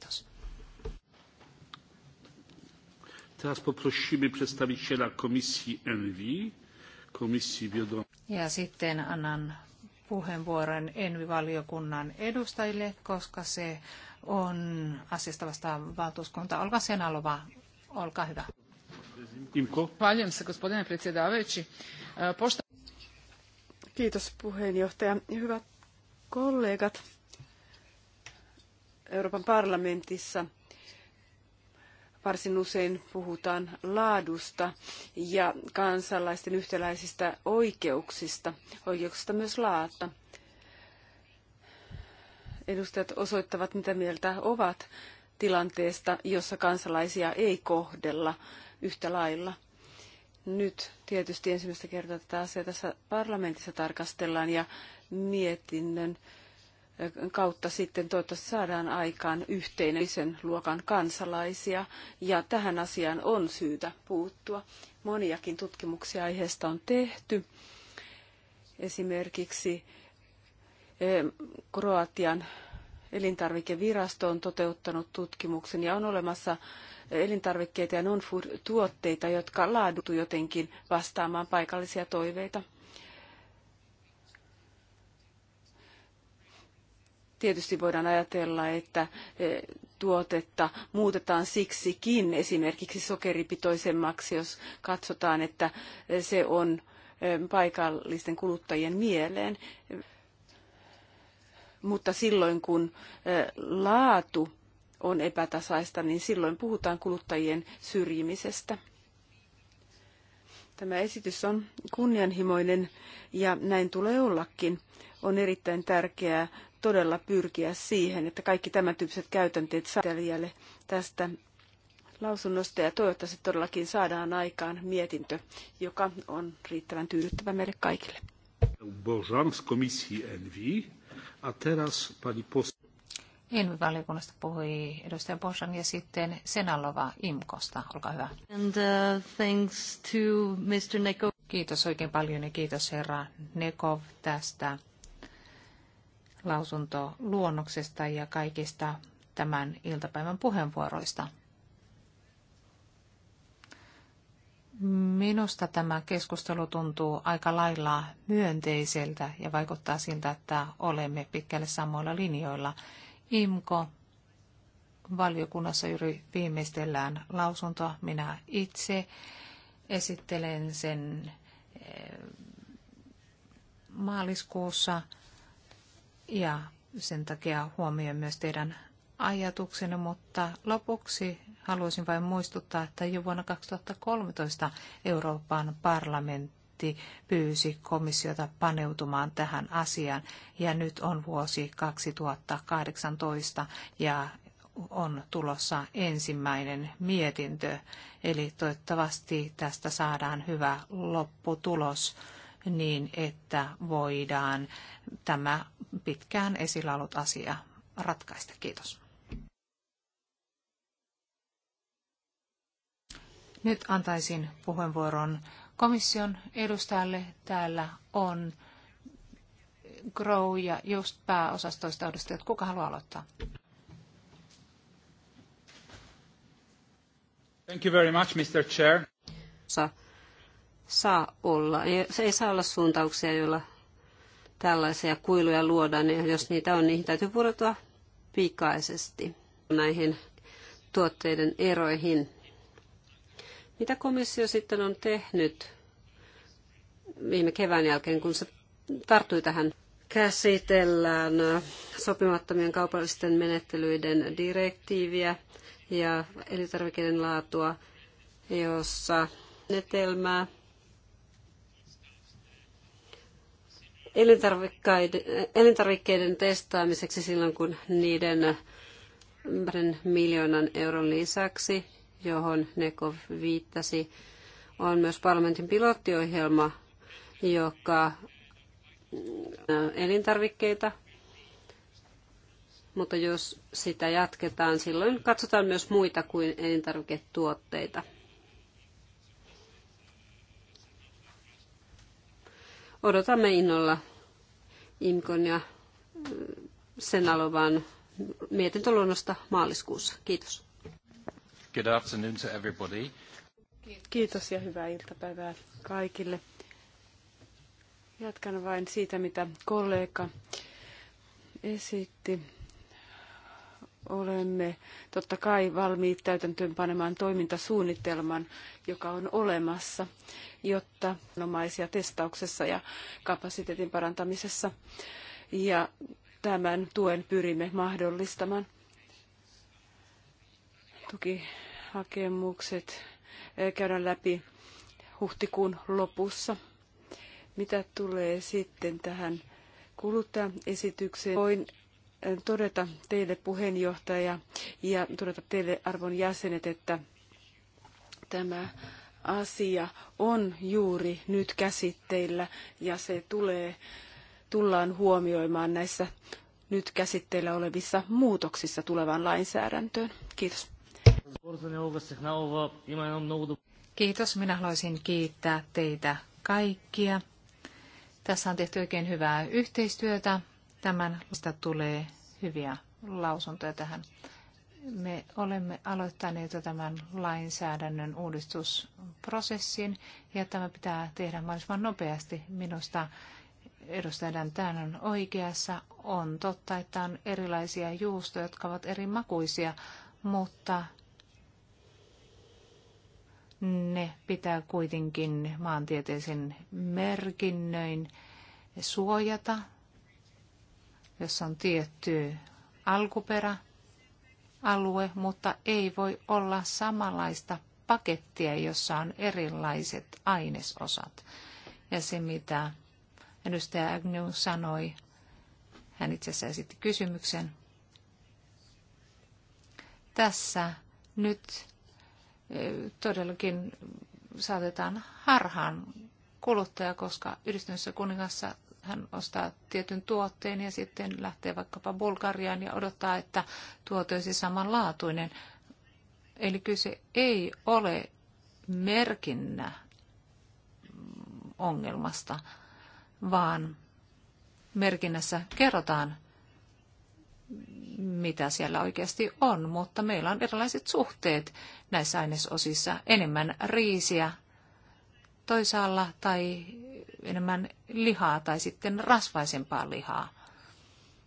Teraz poprosimy przedstawiciela komisji ENVI, komisji wiodącej. Ja sitten annan puheenvuoron Envi-valiokunnan edustajille, koska se on asiasta vastaan valtuuskunta. Olkaa sen alova. Olkaa hyvä. se, e, Kiitos puheenjohtaja. Hyvät kollegat Euroopan parlamentissa – varsin usein puhutaan laadusta ja kansalaisten yhtäläisistä oikeuksista, oikeuksista myös laatta. Edustajat osoittavat, mitä mieltä ovat tilanteesta, jossa kansalaisia ei kohdella yhtä lailla. Nyt tietysti ensimmäistä kertaa tätä asiaa tässä parlamentissa tarkastellaan ja mietinnön kautta sitten toivottavasti saadaan aikaan yhteisen luokan kansalaisia, ja tähän asiaan on syytä puuttua. Moniakin tutkimuksia aiheesta on tehty. Esimerkiksi eh, Kroatian elintarvikevirasto on toteuttanut tutkimuksen ja on olemassa elintarvikkeita ja non-food-tuotteita, jotka laadutu jotenkin vastaamaan paikallisia toiveita. Tietysti voidaan ajatella, että e, tuotetta muutetaan siksikin esimerkiksi sokeripitoisemmaksi, jos katsotaan, että se on e, paikallisten kuluttajien mieleen. Mutta silloin kun e, laatu on epätasaista, niin silloin puhutaan kuluttajien syrjimisestä. Tämä esitys on kunnianhimoinen ja näin tulee ollakin. On erittäin tärkeää todella pyrkiä siihen, että kaikki tämän tyyppiset käytänteet saatelijälle tästä lausunnosta ja toivottavasti todellakin saadaan aikaan mietintö, joka on riittävän tyydyttävä meille kaikille. Bożan valiokunnasta puhui edustaja Bosan ja sitten Senalova Imkosta. Olkaa hyvä. And, uh, to Mr. Neko. Kiitos oikein paljon ja kiitos herra Nekov tästä lausunto luonnoksesta ja kaikista tämän iltapäivän puheenvuoroista. Minusta tämä keskustelu tuntuu aika lailla myönteiseltä ja vaikuttaa siltä, että olemme pitkälle samoilla linjoilla. IMKO valiokunnassa juuri viimeistellään lausunto. Minä itse esittelen sen eh, maaliskuussa ja sen takia huomioin myös teidän ajatuksenne, mutta lopuksi haluaisin vain muistuttaa, että jo vuonna 2013 Euroopan parlamentti pyysi komissiota paneutumaan tähän asiaan ja nyt on vuosi 2018 ja on tulossa ensimmäinen mietintö, eli toivottavasti tästä saadaan hyvä lopputulos niin, että voidaan tämä pitkään esillä ollut asia ratkaista. Kiitos. Nyt antaisin puheenvuoron komission edustajalle. Täällä on Grow ja just pääosastoista edustajat. Kuka haluaa aloittaa? Thank you very much, Mr. Chair saa olla. Se ei saa olla suuntauksia, joilla tällaisia kuiluja luodaan, ja jos niitä on, niihin täytyy pureutua pikaisesti näihin tuotteiden eroihin. Mitä komissio sitten on tehnyt viime kevään jälkeen, kun se tarttui tähän? Käsitellään sopimattomien kaupallisten menettelyiden direktiiviä ja elintarvikkeiden laatua, jossa netelmää elintarvikkeiden testaamiseksi silloin, kun niiden miljoonan euron lisäksi, johon Neko viittasi, on myös parlamentin pilottiohjelma, joka äh, elintarvikkeita, mutta jos sitä jatketaan, silloin katsotaan myös muita kuin elintarviketuotteita. Odotamme innolla Imkon ja eh, sen alovan mietintöluonnosta maaliskuussa. Kiitos. Good afternoon to everybody. Kiitos ja hyvää iltapäivää kaikille. Jatkan vain siitä, mitä kollega esitti olemme totta kai valmiit täytäntöönpanemaan toimintasuunnitelman, joka on olemassa, jotta omaisia testauksessa ja kapasiteetin parantamisessa ja tämän tuen pyrimme mahdollistamaan. Tukihakemukset käydään läpi huhtikuun lopussa. Mitä tulee sitten tähän kuluttajaesitykseen? Voin todeta teille puheenjohtaja ja todeta teille arvon jäsenet, että tämä asia on juuri nyt käsitteillä ja se tulee, tullaan huomioimaan näissä nyt käsitteillä olevissa muutoksissa tulevaan lainsäädäntöön. Kiitos. Kiitos. Minä haluaisin kiittää teitä kaikkia. Tässä on tehty oikein hyvää yhteistyötä. Tämän lista tulee hyviä lausuntoja tähän. Me olemme aloittaneet jo tämän lainsäädännön uudistusprosessin ja tämä pitää tehdä mahdollisimman nopeasti. Minusta edustaja Dantan on oikeassa. On totta, että on erilaisia juustoja, jotka ovat eri makuisia, mutta ne pitää kuitenkin maantieteisen merkinnöin suojata jossa on tietty alkuperä, alue, mutta ei voi olla samanlaista pakettia, jossa on erilaiset ainesosat. Ja se, mitä edustaja Agnew sanoi, hän itse asiassa esitti kysymyksen. Tässä nyt eh, todellakin saatetaan harhaan kuluttaja, koska yhdistyneessä kuningassa hän ostaa tietyn tuotteen ja sitten lähtee vaikkapa Bulgariaan ja odottaa, että tuote olisi samanlaatuinen. Eli kyse ei ole merkinnä ongelmasta, vaan merkinnässä kerrotaan, mitä siellä oikeasti on, mutta meillä on erilaiset suhteet näissä ainesosissa. Enemmän riisiä toisaalla tai enemmän lihaa tai sitten rasvaisempaa lihaa.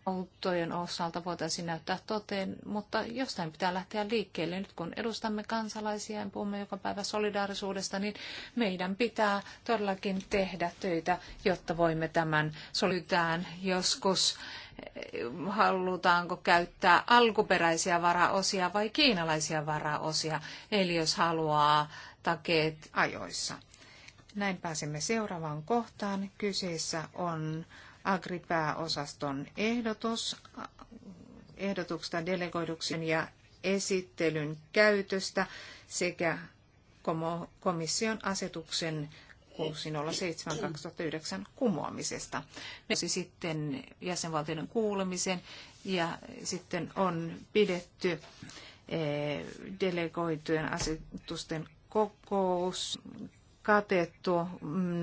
Autojen osalta voitaisiin näyttää toteen, mutta jostain pitää lähteä liikkeelle. Nyt kun edustamme kansalaisia ja puhumme joka päivä solidaarisuudesta, niin meidän pitää todellakin tehdä töitä, jotta voimme tämän solytään joskus eh, halutaanko käyttää alkuperäisiä varaosia vai kiinalaisia varaosia, eli jos haluaa takeet ajoissa. Näin pääsemme seuraavaan kohtaan. Kyseessä on Agripää-osaston ehdotus, ehdotuksesta delegoiduksen ja esittelyn käytöstä sekä komission asetuksen 607-2009 kumoamisesta. Sitten jäsenvaltioiden kuulemisen ja sitten on pidetty eh, delegoitujen asetusten kokous katettu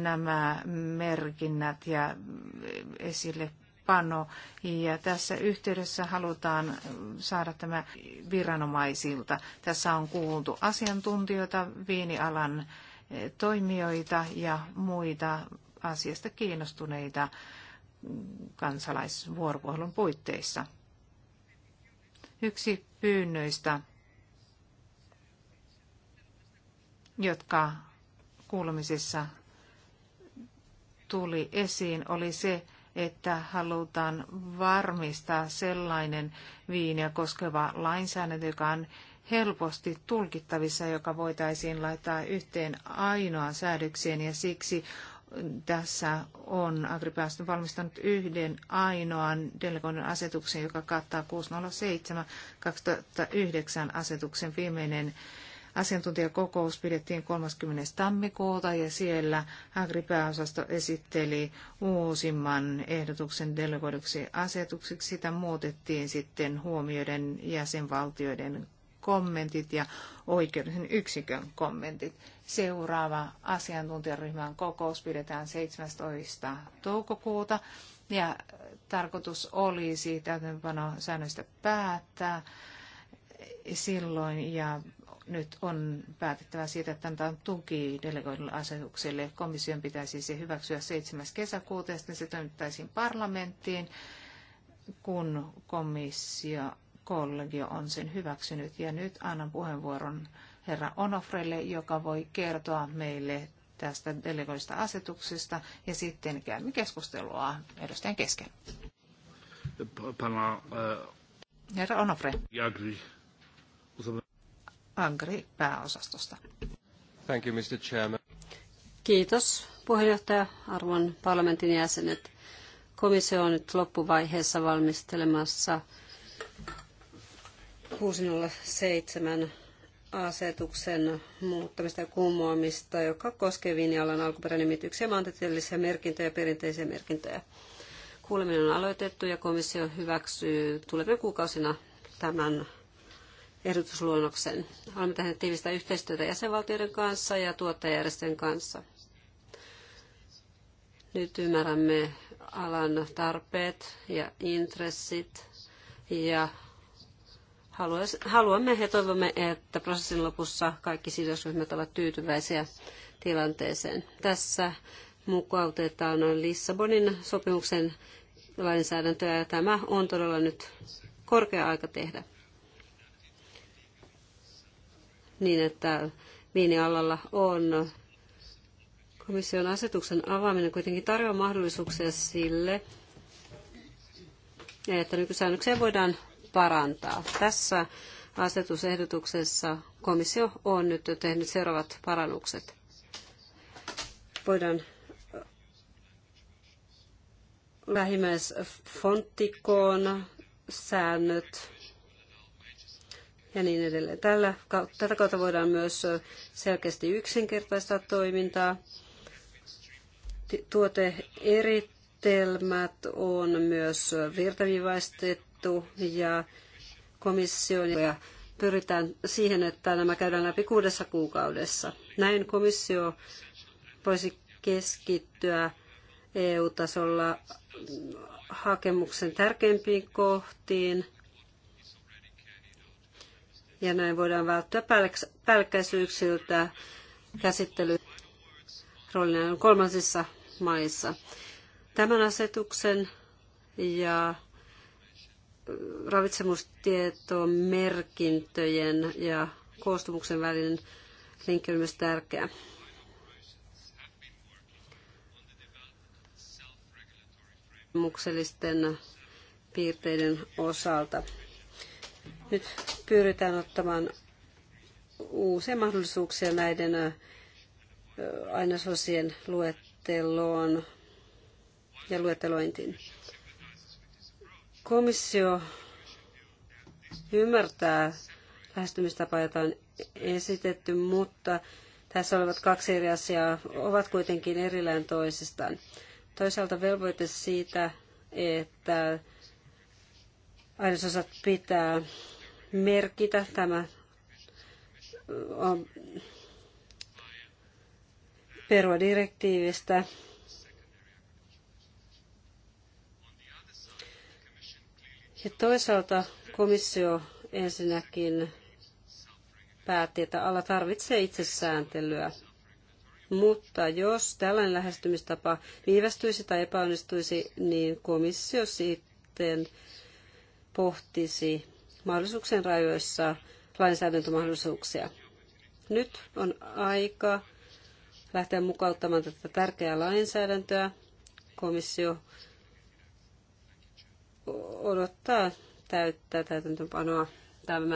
nämä merkinnät ja esille pano. Ja tässä yhteydessä halutaan saada tämä viranomaisilta. Tässä on kuultu asiantuntijoita, viinialan eh, toimijoita ja muita asiasta kiinnostuneita kansalaisvuoropuhelun puitteissa. Yksi pyynnöistä, jotka kuulemisissa tuli esiin, oli se, että halutaan varmistaa sellainen viiniä koskeva lainsäädäntö, joka on helposti tulkittavissa, joka voitaisiin laittaa yhteen ainoaan säädökseen ja siksi tässä on Agripäästö valmistanut yhden ainoan delegoinnin asetuksen, joka kattaa 607-2009 asetuksen viimeinen Asiantuntijakokous pidettiin 30. tammikuuta ja siellä Agri-pääosasto esitteli uusimman ehdotuksen delegoiduksi asetukseksi. Sitä muutettiin sitten huomioiden jäsenvaltioiden kommentit ja oikeudellisen yksikön kommentit. Seuraava asiantuntijaryhmän kokous pidetään 17. toukokuuta ja tarkoitus olisi täytäntöpano säännöistä päättää silloin ja nyt on päätettävä siitä, että antaa tuki delegoidulle asetukselle. Komission pitäisi se hyväksyä 7. kesäkuuta ja sitten se toimittaisiin parlamenttiin, kun komissio kollegio on sen hyväksynyt. Ja nyt annan puheenvuoron herra Onofrelle, joka voi kertoa meille tästä delegoista asetuksesta ja sitten käymme keskustelua edustajan kesken. Eh, herra Onofre. Jagri pääosastosta Thank you, Mr. Chairman. Kiitos puheenjohtaja, arvon parlamentin jäsenet. Komissio on nyt loppuvaiheessa valmistelemassa 607 asetuksen muuttamista ja kumoamista, joka koskee viinialan alkuperänimityksiä, maantieteellisiä merkintöjä ja perinteisiä merkintöjä. Kuuleminen on aloitettu ja komissio hyväksyy tulevien kuukausina tämän ehdotusluonnoksen. Olemme tehneet tiivistä yhteistyötä jäsenvaltioiden kanssa ja tuottajajärjestöjen kanssa. Nyt ymmärrämme alan tarpeet ja intressit ja haluamme ja toivomme, että prosessin lopussa kaikki sidosryhmät ovat tyytyväisiä tilanteeseen. Tässä mukautetaan on Lissabonin sopimuksen lainsäädäntöä ja tämä on todella nyt korkea aika tehdä niin, että miinialalla on komission asetuksen avaaminen kuitenkin tarjoaa mahdollisuuksia sille, että nykysäännöksiä voidaan parantaa. Tässä asetusehdotuksessa komissio on nyt tehnyt seuraavat parannukset. Voidaan lähimmäisfonttikoon säännöt ja niin edelleen. Tällä, tätä kautta voidaan myös selkeästi yksinkertaistaa toimintaa. Tuoteeritelmät on myös virtaviivaistettu ja komission ja pyritään siihen, että nämä käydään läpi kuudessa kuukaudessa. Näin komissio voisi keskittyä EU-tasolla hakemuksen tärkeimpiin kohtiin ja näin voidaan välttää päällekkäisyyksiltä käsittely roolinen kolmansissa maissa. Tämän asetuksen ja äh, ravitsemustietomerkintöjen ja koostumuksen välinen linkki on myös tärkeä. piirteiden osalta. Nyt pyritään ottamaan uusia mahdollisuuksia näiden ainesosien luetteloon ja luettelointiin. Komissio ymmärtää lähestymistapaa, jota on esitetty, mutta tässä olevat kaksi eri asiaa ovat kuitenkin erillään toisistaan. Toisaalta velvoite siitä, että ainesosat pitää merkitä. Tämä on perua direktiivistä. Ja toisaalta komissio ensinnäkin päätti, että ala tarvitsee itsesääntelyä. Mutta jos tällainen lähestymistapa viivästyisi tai epäonnistuisi, niin komissio sitten pohtisi mahdollisuuksien rajoissa lainsäädäntömahdollisuuksia. Nyt on aika lähteä mukauttamaan tätä tärkeää lainsäädäntöä. Komissio odottaa täyttää täytäntöpanoa tämän